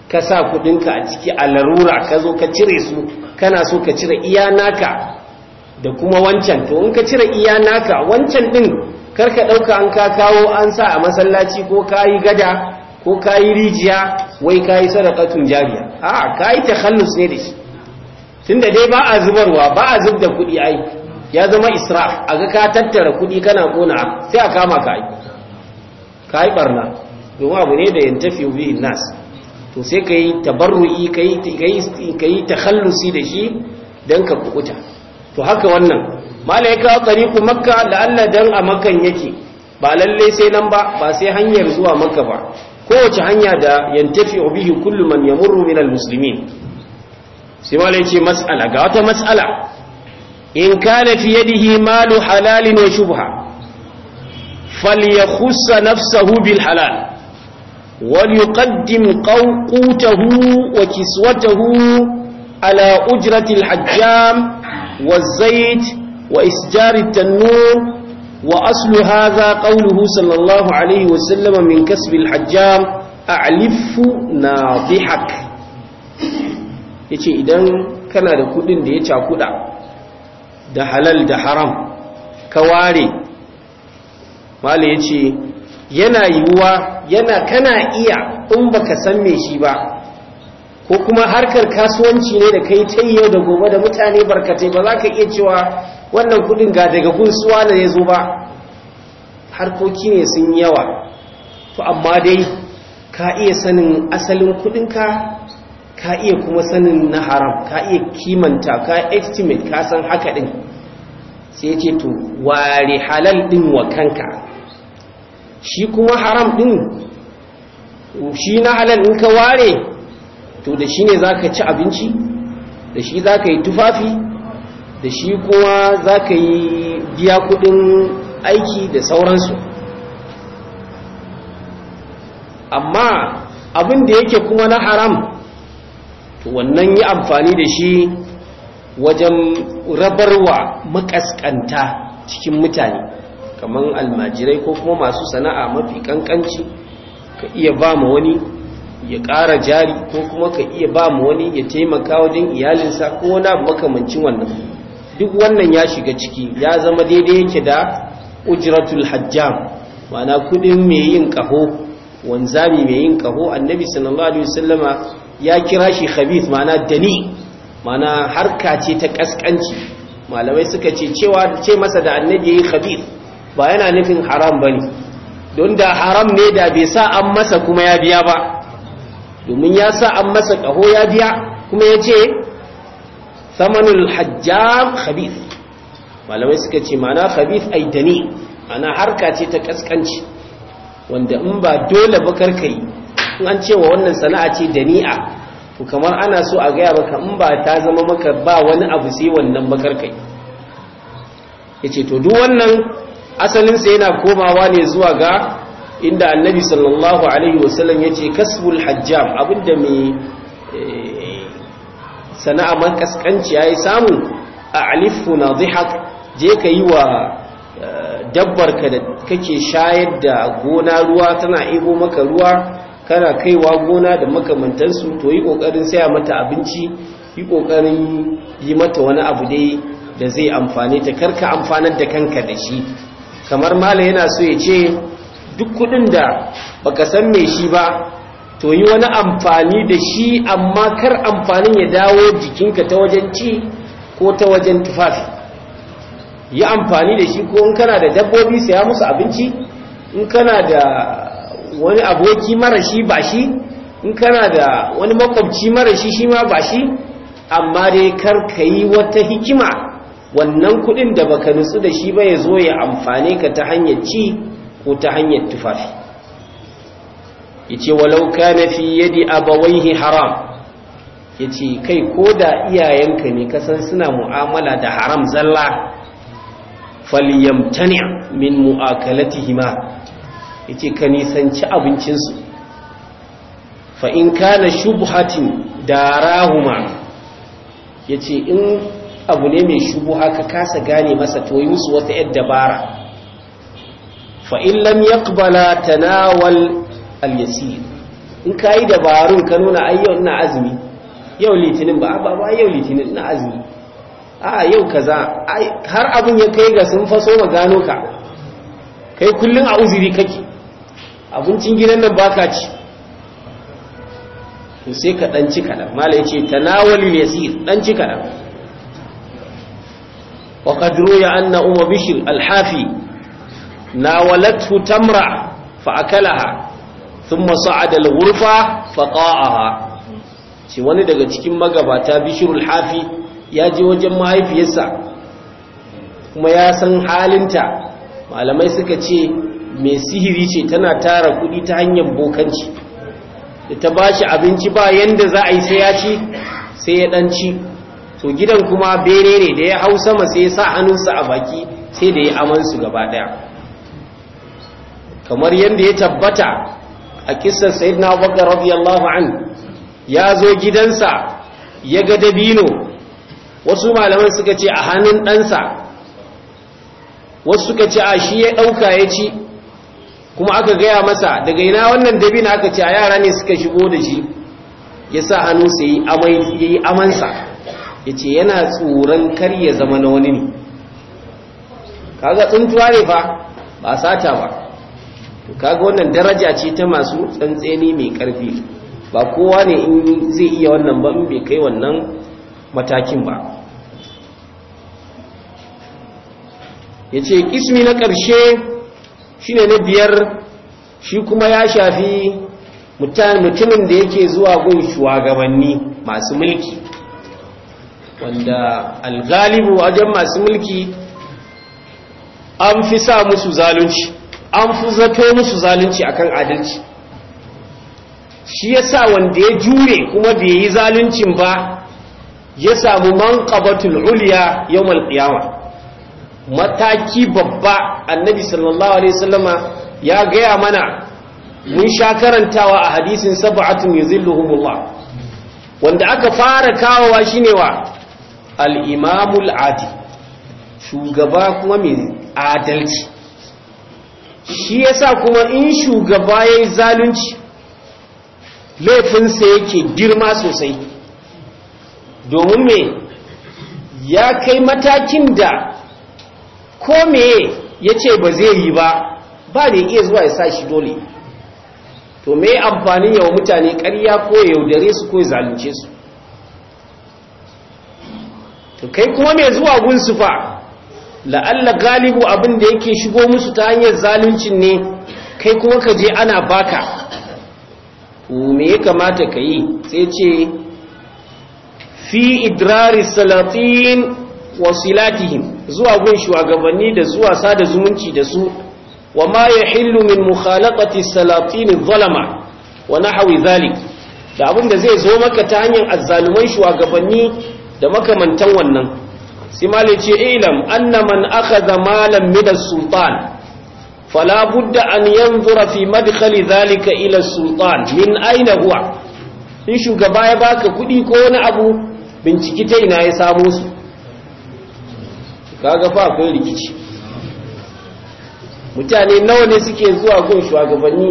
ka sa kudinka a ciki a larura ka zo ka cire su kana so ka cire iya naka da kuma wancan to in ka cire iya naka wancan din karka ɗauka an ka kawo an sa a masallaci ko ka yi gada ko ka yi rijiya wai ka yi sarakatun jariya a ta takhallus ne da shi Tun da dai ba a zubarwa ba a da kuɗi ai ya zama a ga ka tattara kuɗi kana kona sai a kama ka Ka yi barna domin abu ne da tafi wuyi nas to sai ka yi tabarru'i ka yi takhallusi da shi don ka kukuta to haka wannan mala ya kawo tsariku makka la'alla don a makan yake ba lallai sai nan ba ba sai hanyar zuwa makka ba kowace hanya da yantafi bihi kullum man yamurru min musulmi sai mala ya ce mas'ala ga wata mas'ala in kana da hi malu halalin wa shubha falyakhussa nafsahu bil halal وليقدم قوته وكسوته على أجرة الحجام والزيت وإسجار التنور وأصل هذا قوله صلى الله عليه وسلم من كسب الحجام أعلف ناضحك yace idan kana da kudin da ya cakuda da halal da haram ka ware mala yace yana yiwuwa yana kana iya in baka san me shi ba ko kuma harkar kasuwanci ne da kai ta yau da gobe da mutane barkatai ba za ka iya cewa wannan kudin ga daga gunsuwa da ya zo ba harkoki ne sun yawa to amma dai ka iya sanin asalin kudinka ka iya kuma sanin na haram ka iya kimanta ka estimate ka san haka din sai ce to ware halal din wa kanka shi kuma haram ɗin, shi na halal in ka ware to da shi ne za ka ci abinci da shi za ka yi tufafi da shi kuma za ka yi biya kudin aiki da sauransu amma abin da yake kuma na haram to wannan yi amfani da shi wajen rabarwa makaskanta cikin mutane kamar almajirai ko kuma masu sana'a mafi kankanci ka iya ba ma wani ya ƙara jari ko kuma ka iya ba ma wani ya taimaka wajen iyalinsa ko wani abu makamancin wannan duk wannan ya shiga ciki ya zama daidai yake da ujratul hajjam mana kudin mai yin kaho wanzami mai yin kaho annabi sallallahu alaihi wasallama ya kira shi khabith ma'ana dani mana harka ce ta kaskanci malamai suka ce cewa ce masa da annabi yayi khabith ba yana nufin haram ba ne don da haram ne da bai sa an masa kuma ya biya ba domin ya sa an masa ƙaho ya biya kuma ya ce samanul hajjar khabith malamai suka ce mana khabith aidani ana harka ce ta kaskanci wanda in ba dole bakar kai in an cewa wannan sana'a ce dani'a to kamar ana so a gaya baka in ba ta zama maka ba wani abu sai wannan ba Ya yace to duk wannan asalinsa yana komawa ne zuwa ga inda annabi sallallahu alaihi wasallam ya ce kasbul hajjam abinda mai eh, sana'a man kaskanci ya yi samu a alifu na zihak je ka yi wa eh, dabbarka da kake shayar da gona ruwa tana ibo maka ruwa kana kaiwa gona da makamantansu to yi kokarin saya mata abinci yi kokarin yi mata wani abu dai da zai amfane ta karka amfanar da kanka da shi kamar mala yana so ya ce duk kudin da baka san mai shi ba to yi wani amfani da shi amma kar amfanin ya dawo jikinka ta wajen ci ko ta wajen tufafi yi amfani da shi ko in kana da dabbobi saya musu abinci in kana da wani aboki mara shi ba shi in kana da wani makwabci mara shi shi ma ba shi amma dai kar ka yi wata hikima wannan kudin da baka nutsu da shi ba ya zo ya amfane ka ta hanyar ci ko ta hanyar tufafi yace walau kana fi yadi abawaihi haram yace kai koda iyayenka ne ka san suna mu'amala da haram zalla falyamtani min mu'akalatihima yace ka nisanci abincin su fa in kana shubhatin darahuma yace in abu ne mai shubu haka kasa gane masa to yi musu wata yadda dabara fa in lam yaqbala tanawal al-yasir in kai dabarun ka nuna ayyau ina azumi yau litinin ba ba ba yau litinin ina azumi a yau kaza har abun ya kai ga sun faso ma gano ka kai kullun a uzuri kake abincin gidan nan baka ci to sai ka dan ci kadan mallai yace tanawalul yasir dan ci kadan وقد روي أن أم بشر الحافي ناولته تمرع فأكلها ثم صعد الغرفة فقاعها shi wani daga cikin magabata bishirul hafi ya je wajen mahaifiyarsa kuma ya san halinta malamai suka ce mai sihiri ce tana tara kudi ta hanyar bokanci da ta bashi abinci ba yanda za a yi sai ya ci sai ya dan ci to gidan kuma bere ne da ya hau sama sai ya sa hannunsa a baki sai da ya amansu gaba daya kamar yadda ya tabbata a kisan sayyidina abubakar radiyallahu an ya zo gidansa ya ga dabino wasu malaman suka ce a hannun ɗansa wasu suka ce a shi ya ɗauka ya ci kuma aka gaya masa daga ina wannan dabino aka ce a yara ne suka shigo da shi ya sa hannunsa sai ya yi amansa yace yana tsoron kar zama na wani ne kaga tsuntuwa ne fa ba sata ba kaga wannan daraja ce ta masu tsantseni mai karfi ba kowa ne in zai iya wannan ba bai kai wannan matakin ba yace kismi na karshe shine na biyar shi kuma ya shafi mutumin da yake zuwa gun shugabanni masu mulki wanda algalibu wajen masu mulki an fi sa musu zalunci an fi zato musu zalunci akan adalci shi ya sa wanda ya jure kuma bai yi zaluncin ba ya samu manqabatul uliya yawmal qiyama mataki babba annabi sallallahu alaihi wasallama ya gaya mana mun sha karantawa a hadisin sab'atun yuzilluhumullah wanda aka fara kawowa shine wa al'imamul adi shugaba kuma mai adalci shi yasa kuma in shugaba ya yi zalunci laifinsa yake girma sosai domin me ya kai matakin da ko me ya ce ba zai yi ba ba da iya zuwa ya sa shi dole to me amfani yawa mutane karya ko yaudare su ko zalunce su to kai kuma mai zuwa gun fa la'alla galibu abin da yake shigo musu ta hanyar zaluncin ne kai kuma ka je ana baka to me ya kamata ka yi sai ce fi idrari salatin wasilatihim zuwa gun shugabanni da zuwa sada zumunci da su wa ma ya yahillu min mukhalaqati salatin zalama wa nahwi zalik da abin da zai zo maka ta hanyar azzaluman shugabanni da makamantan wannan sai malai ce ilam anna man akhadha malan min as-sultan fala budda an yanzura fi madkhali zalika ila as-sultan min aina huwa in shugaba ya baka kudi ko wani abu binciki ta ina ya samo su kaga fa akwai rikici mutane nawa ne suke zuwa gun shugabanni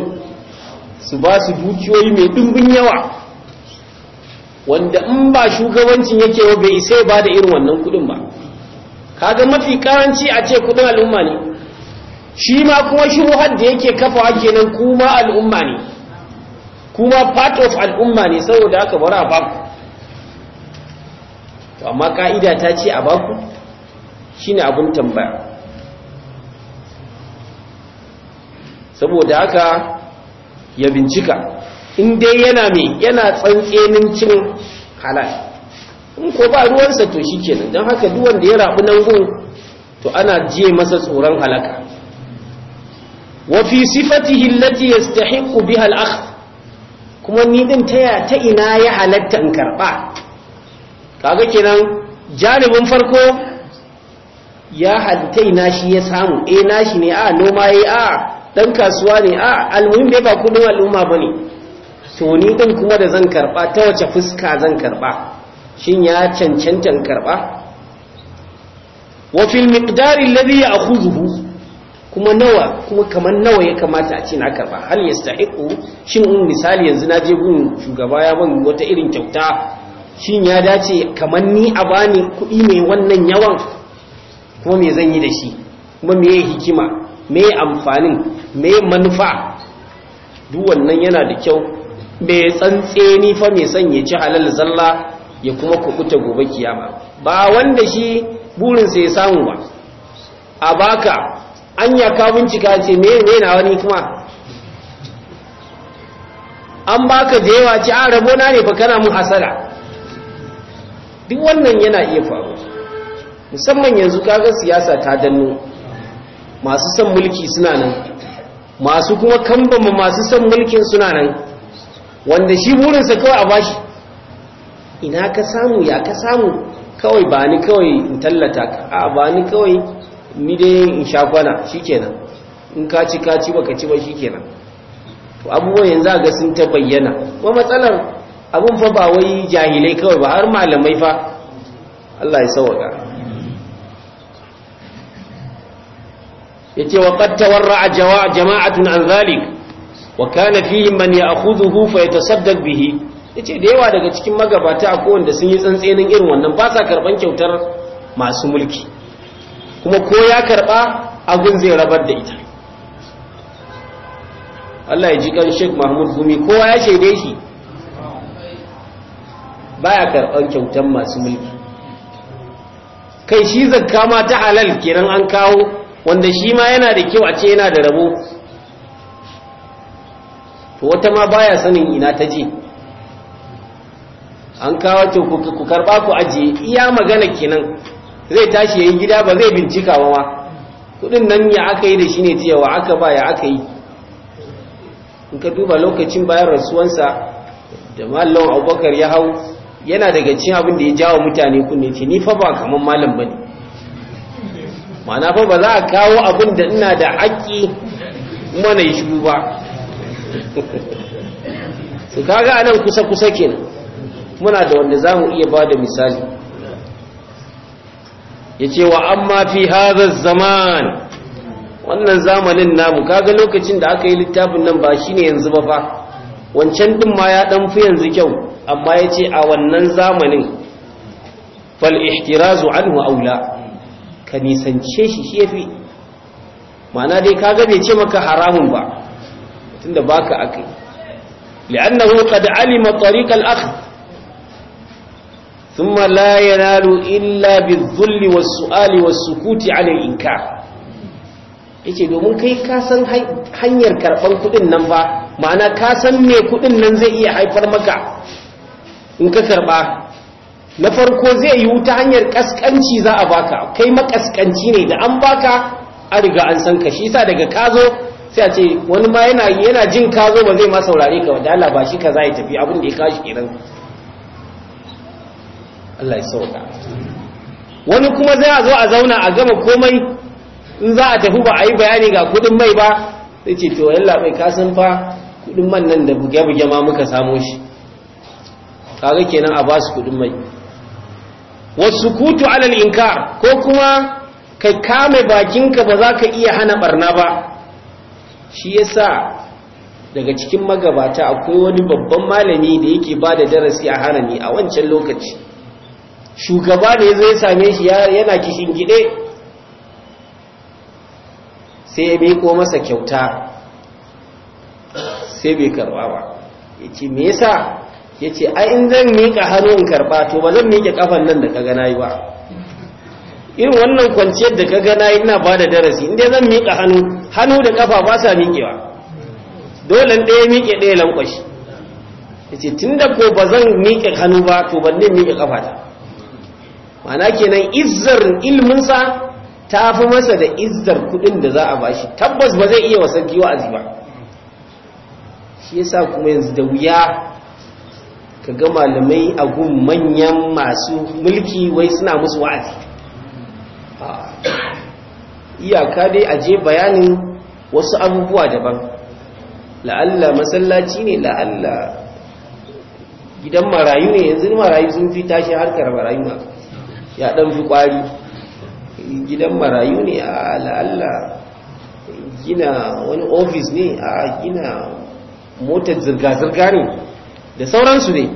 su ba su dukiyoyi mai dimbin yawa wanda in ba shugabancin yake wa bai sai ba da irin wannan kudin ba kaga mafi karanci a ce kudin al'umma ne shi ma kuma shuruhar da yake kafawa kenan kuma al'umma ne kuma part of al'umma ne saboda aka bara a baku to amma ka'ida ta ce a baku shine abun tambaya saboda haka ya bincika in dai yana mai yana tsantsenin cin halal in ko ba ruwansa to shi kenan don haka duwanda ya rabu nan gun to ana je masa tsoron halaka wafi sifatihi allati yastahiqu biha al-akh kuma ni din taya ta ina ya halatta in karba kaga kenan janibin farko ya halatta ina shi ya samu eh nashi ne a noma yayi a dan kasuwa ne a almuhim bai ba kudin al'umma bane to ni din kuma da zan karba ta wace fuska zan karba shin ya cancanta karba wa fil miqdari alladhi ya'khudhu kuma nawa kuma kaman nawa ya kamata a ce na karba hal yasta'iqu shin in misali yanzu na je gun shugaba ya ban wata irin kyauta shin ya dace kaman ni a bani kuɗi mai wannan yawan kuma me zan yi da shi kuma me hikima me amfanin me manufa duk wannan yana da kyau mai tsantse fa mai sanya ya ci halal zalla ya kuma kukuta gobe kiyama ba wanda shi burinsa ya samu ba a baka an ya ka bincika ce me ne na wani kuma an baka da yawa ci a na ne fa kana mun asara. duk wannan yana iya faru musamman yanzu kaga siyasa ta danno masu son mulki suna nan masu kuma ba masu son mulkin suna nan wanda shi burinsa kawai a bashi ina ka samu ya ka samu kawai ba ni kawai in tallata ka a ba ni kawai ni dai in sha kwana shikenan in ka ci ka ci baka ci ba shikenan to abubuwan yanzu a ga sun ta bayyana kuma matsalar abun fa ba wai jahilai kawai ba har malamai fa Allah ya sauka yace wa qad tawarra'a jama'atun an zalik wa kana fihi man ya'khudhuhu fa yatasaddaq bihi yace da yawa daga cikin magabata a da sun yi tsantsenin irin wannan ba sa karban kyautar masu mulki kuma ko ya karba agun zai rabar da ita Allah ya ji kan Sheikh Mahmud Gumi kowa ya shaide shi baya karban kyautar masu mulki kai shi zakka ma ta halal kenan an kawo wanda shi ma yana da kyau a ce yana da rabo to wata ma baya sanin ina ta je an kawo to ku karba ku ajiye iya magana kenan zai tashi yayin gida ba zai bincika ba kudin nan ya aka yi da shi ne jiya wa aka ba ya aka yi in ka duba lokacin bayan rasuwansa da mallon abubakar ya hau yana daga cin abin da ya jawo mutane kunne ce ni fa ba kaman malam bane ma'ana fa ba za a kawo abin da ina da haƙƙi mana shigo ba su kaga anan kusa-kusa kenan muna da wanda za mu iya ba da misali ya ce wa amma fi hazar zaman wannan zamanin namu kaga lokacin da aka yi littafin nan ba shi ne yanzu ba fa wancan din ma ya dan fi yanzu kyau amma ya ce a wannan zamanin fal ihtirazu anhu aula ka nisance shi shi ya fi? ma'ana dai kaga bai ce maka haramun ba tunda baka akai li'annahu qad alima tariq al-akhdh thumma la yanalu illa bi-dhulli was-su'ali was-sukuti 'ala al-inkar yace domin kai ka san hanyar karban kudin nan ba ma'ana ka san me kudin nan zai iya haifar maka in ka karba na farko zai yi ta hanyar kaskanci za a baka kai makaskanci ne da an baka a riga an san ka shi sa daga ka zo sai a ce wani ma yana yana jin ka zo ba zai ma saurare ka wanda Allah ba shi ka za ya tafi abin ya kashi kenan Allah ya sauka wani kuma zai a zo a zauna a gama komai in za a tafi ba a yi bayani ga kudin mai ba sai ce to yalla bai kasan fa kudin man nan da buge-buge ma muka samo shi kaga kenan a ba su kudin mai wasu kutu alal inkar ko kuma kai kame bakinka ba za ka iya hana barna ba shi ya sa daga cikin magabata akwai wani babban malami da yake ba da darasi a harami a wancan lokaci shugaba ne zai same shi yana kishin gide sai ya miko masa kyauta sai bai karba ba ya ce me yasa ya ce a in zan miƙa hannu in karba to ba zan miƙe kafan nan da ka gana yi ba irin wannan kwanciyar da ka gana ina ba da darasi inda zan miƙa hannu hannu da ƙafa ba sa miƙewa dole ɗaya miƙe ɗaya lankwashi ya ce tun da ko ba zan miƙe hannu ba to ban ne miƙe ƙafa ta mana kenan izzar ilminsa ta fi masa da izar kuɗin da za a ba shi tabbas ba zai iya wa giwa a ba shi yasa kuma yanzu da wuya ka ga malamai a gun manyan masu mulki wai suna musu wa'azi iyaka dai a je bayanin wasu abubuwa daban la'alla masallaci ne la'alla gidan marayu ne yanzu marayu sun fi tashi harkar marayu ma ya dan fi kwari gidan marayu ne a la'alla gina wani ofis ne a gina motar zirga-zirga ne da sauransu ne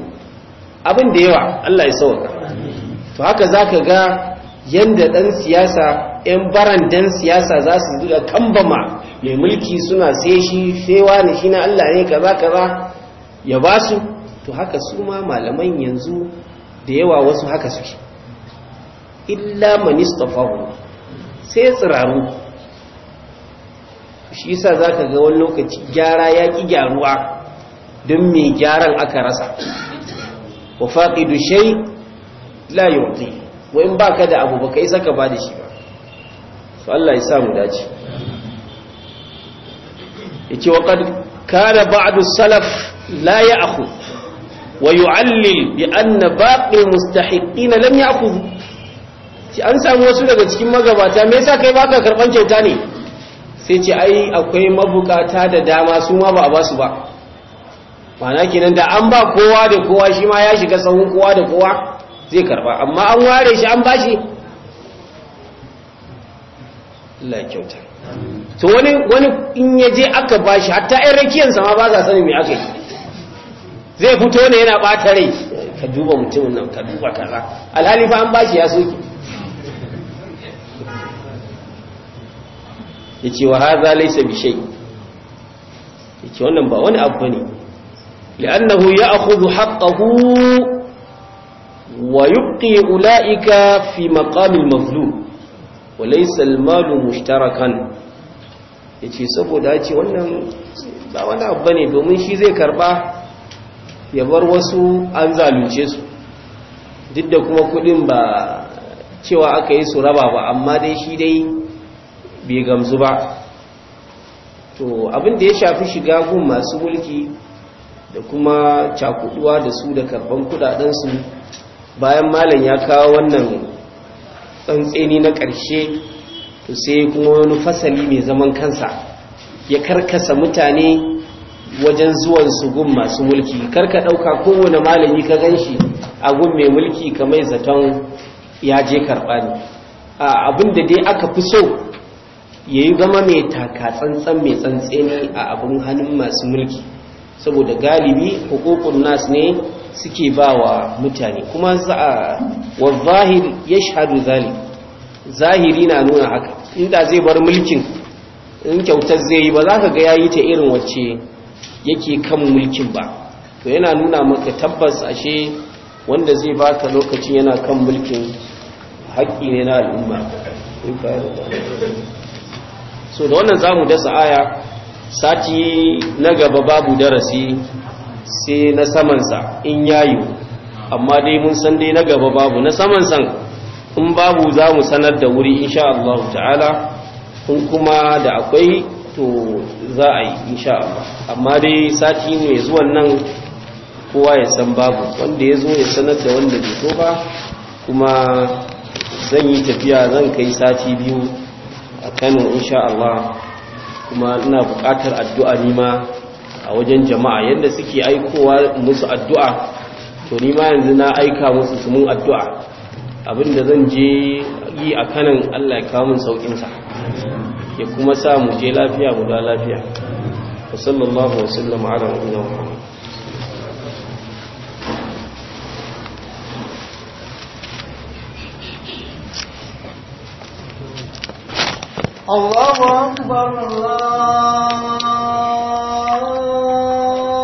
abin da yawa Allah ya sauwa to haka za ka ga yadda ɗan siyasa 'yan barandan siyasa za su duka kambama mai mulki suna sai shi fewa ne shi na Allah ne kaza kaza ya ba su to haka su ma malaman yanzu da yawa wasu haka suke illa manistafahu sai tsiraru shi sa za ka ga wani lokaci gyara ya ƙi gyaruwa don mai gyaran aka rasa wa faƙi dushe la yi wa in ba ka da abu ba ka yi saka ba da shi ba to Allah ya samu dace yace wa kad kana ba'du salaf la ya'khudh wa yu'allil bi anna baqi mustahiqin lam ya'khudh ci an samu wasu daga cikin magabata me yasa kai baka karban kyauta ne sai ce ai akwai mabukata da dama su ma ba a basu ba mana kenan da an ba kowa da kowa shi ma ya shiga sahun kowa da kowa zai karba amma an ware shi an bashi Allah ya kyauta to wani wani in ya je aka bashi hatta ɗan rakiyansa ma ba za sani me aka yi zai fito ne yana ɓata rai ka duba mutumin nan ka duba kaza alhali fa an bashi ya soke ya ce wa haza laisa bishai ya ce wannan ba wani abu ne li'annahu ya akhudhu haqqahu wa yubqi ulaika fi maqamil mazlum walaysa almalu mushtarakan yace saboda ce wannan ba wani abu bane domin shi zai karba ya bar wasu an zalunce su duk da kuma kudin ba cewa aka yi su raba ba amma dai shi dai bai gamsu ba to abin da ya shafi shiga gun masu mulki da kuma cakuduwa da su da karban kudadensu bayan malam ya kawo wannan tsantseni na ƙarshe to sai kuma wani fasali mai zaman kansa ya karkasa mutane wajen zuwan su gun masu mulki kar ka ɗauka kowane malami ka gan shi a gun mai mulki kamar zaton ya je karɓa ne da dai aka fi so ya yi gama mai taka tsantsan mai tsantseni a abin hannun masu mulki saboda galibi hukukun nas ne suke ba wa mutane kuma wa zahir ya shahadu zali zahiri na nuna haka inda zai bar mulkin in kyautar zai yi ba za ka ga ya yi ta irin wacce yake kan mulkin ba to yana nuna maka tabbas ashe wanda zai baka lokacin yana kan mulkin haƙƙi ne na al'umma so da wannan za mu dasa aya sati na gaba babu darasi sai na samansa in yayu amma dai mun san dai na gaba babu na samansan in babu za mu sanar da wuri insha Allah ta'ala in kuma da akwai to za a yi insha Allah amma dai sati mai zuwan nan kowa ya san babu wanda ya zo ya sanar da wanda bai so ba kuma zan yi tafiya zan kai sati biyu a kano insha Allah kuma ina buƙatar addu'a nima a wajen jama'a yadda suke aikowa musu addu'a to ni ma yanzu na aika musu su mun addu'a abinda zan je yi a kanan Allah ya kawo min saukinsa ya kuma sa mu je lafiya mu da lafiya wa sallallahu wa sallam ala nabiyina muhammad الله أكبر الله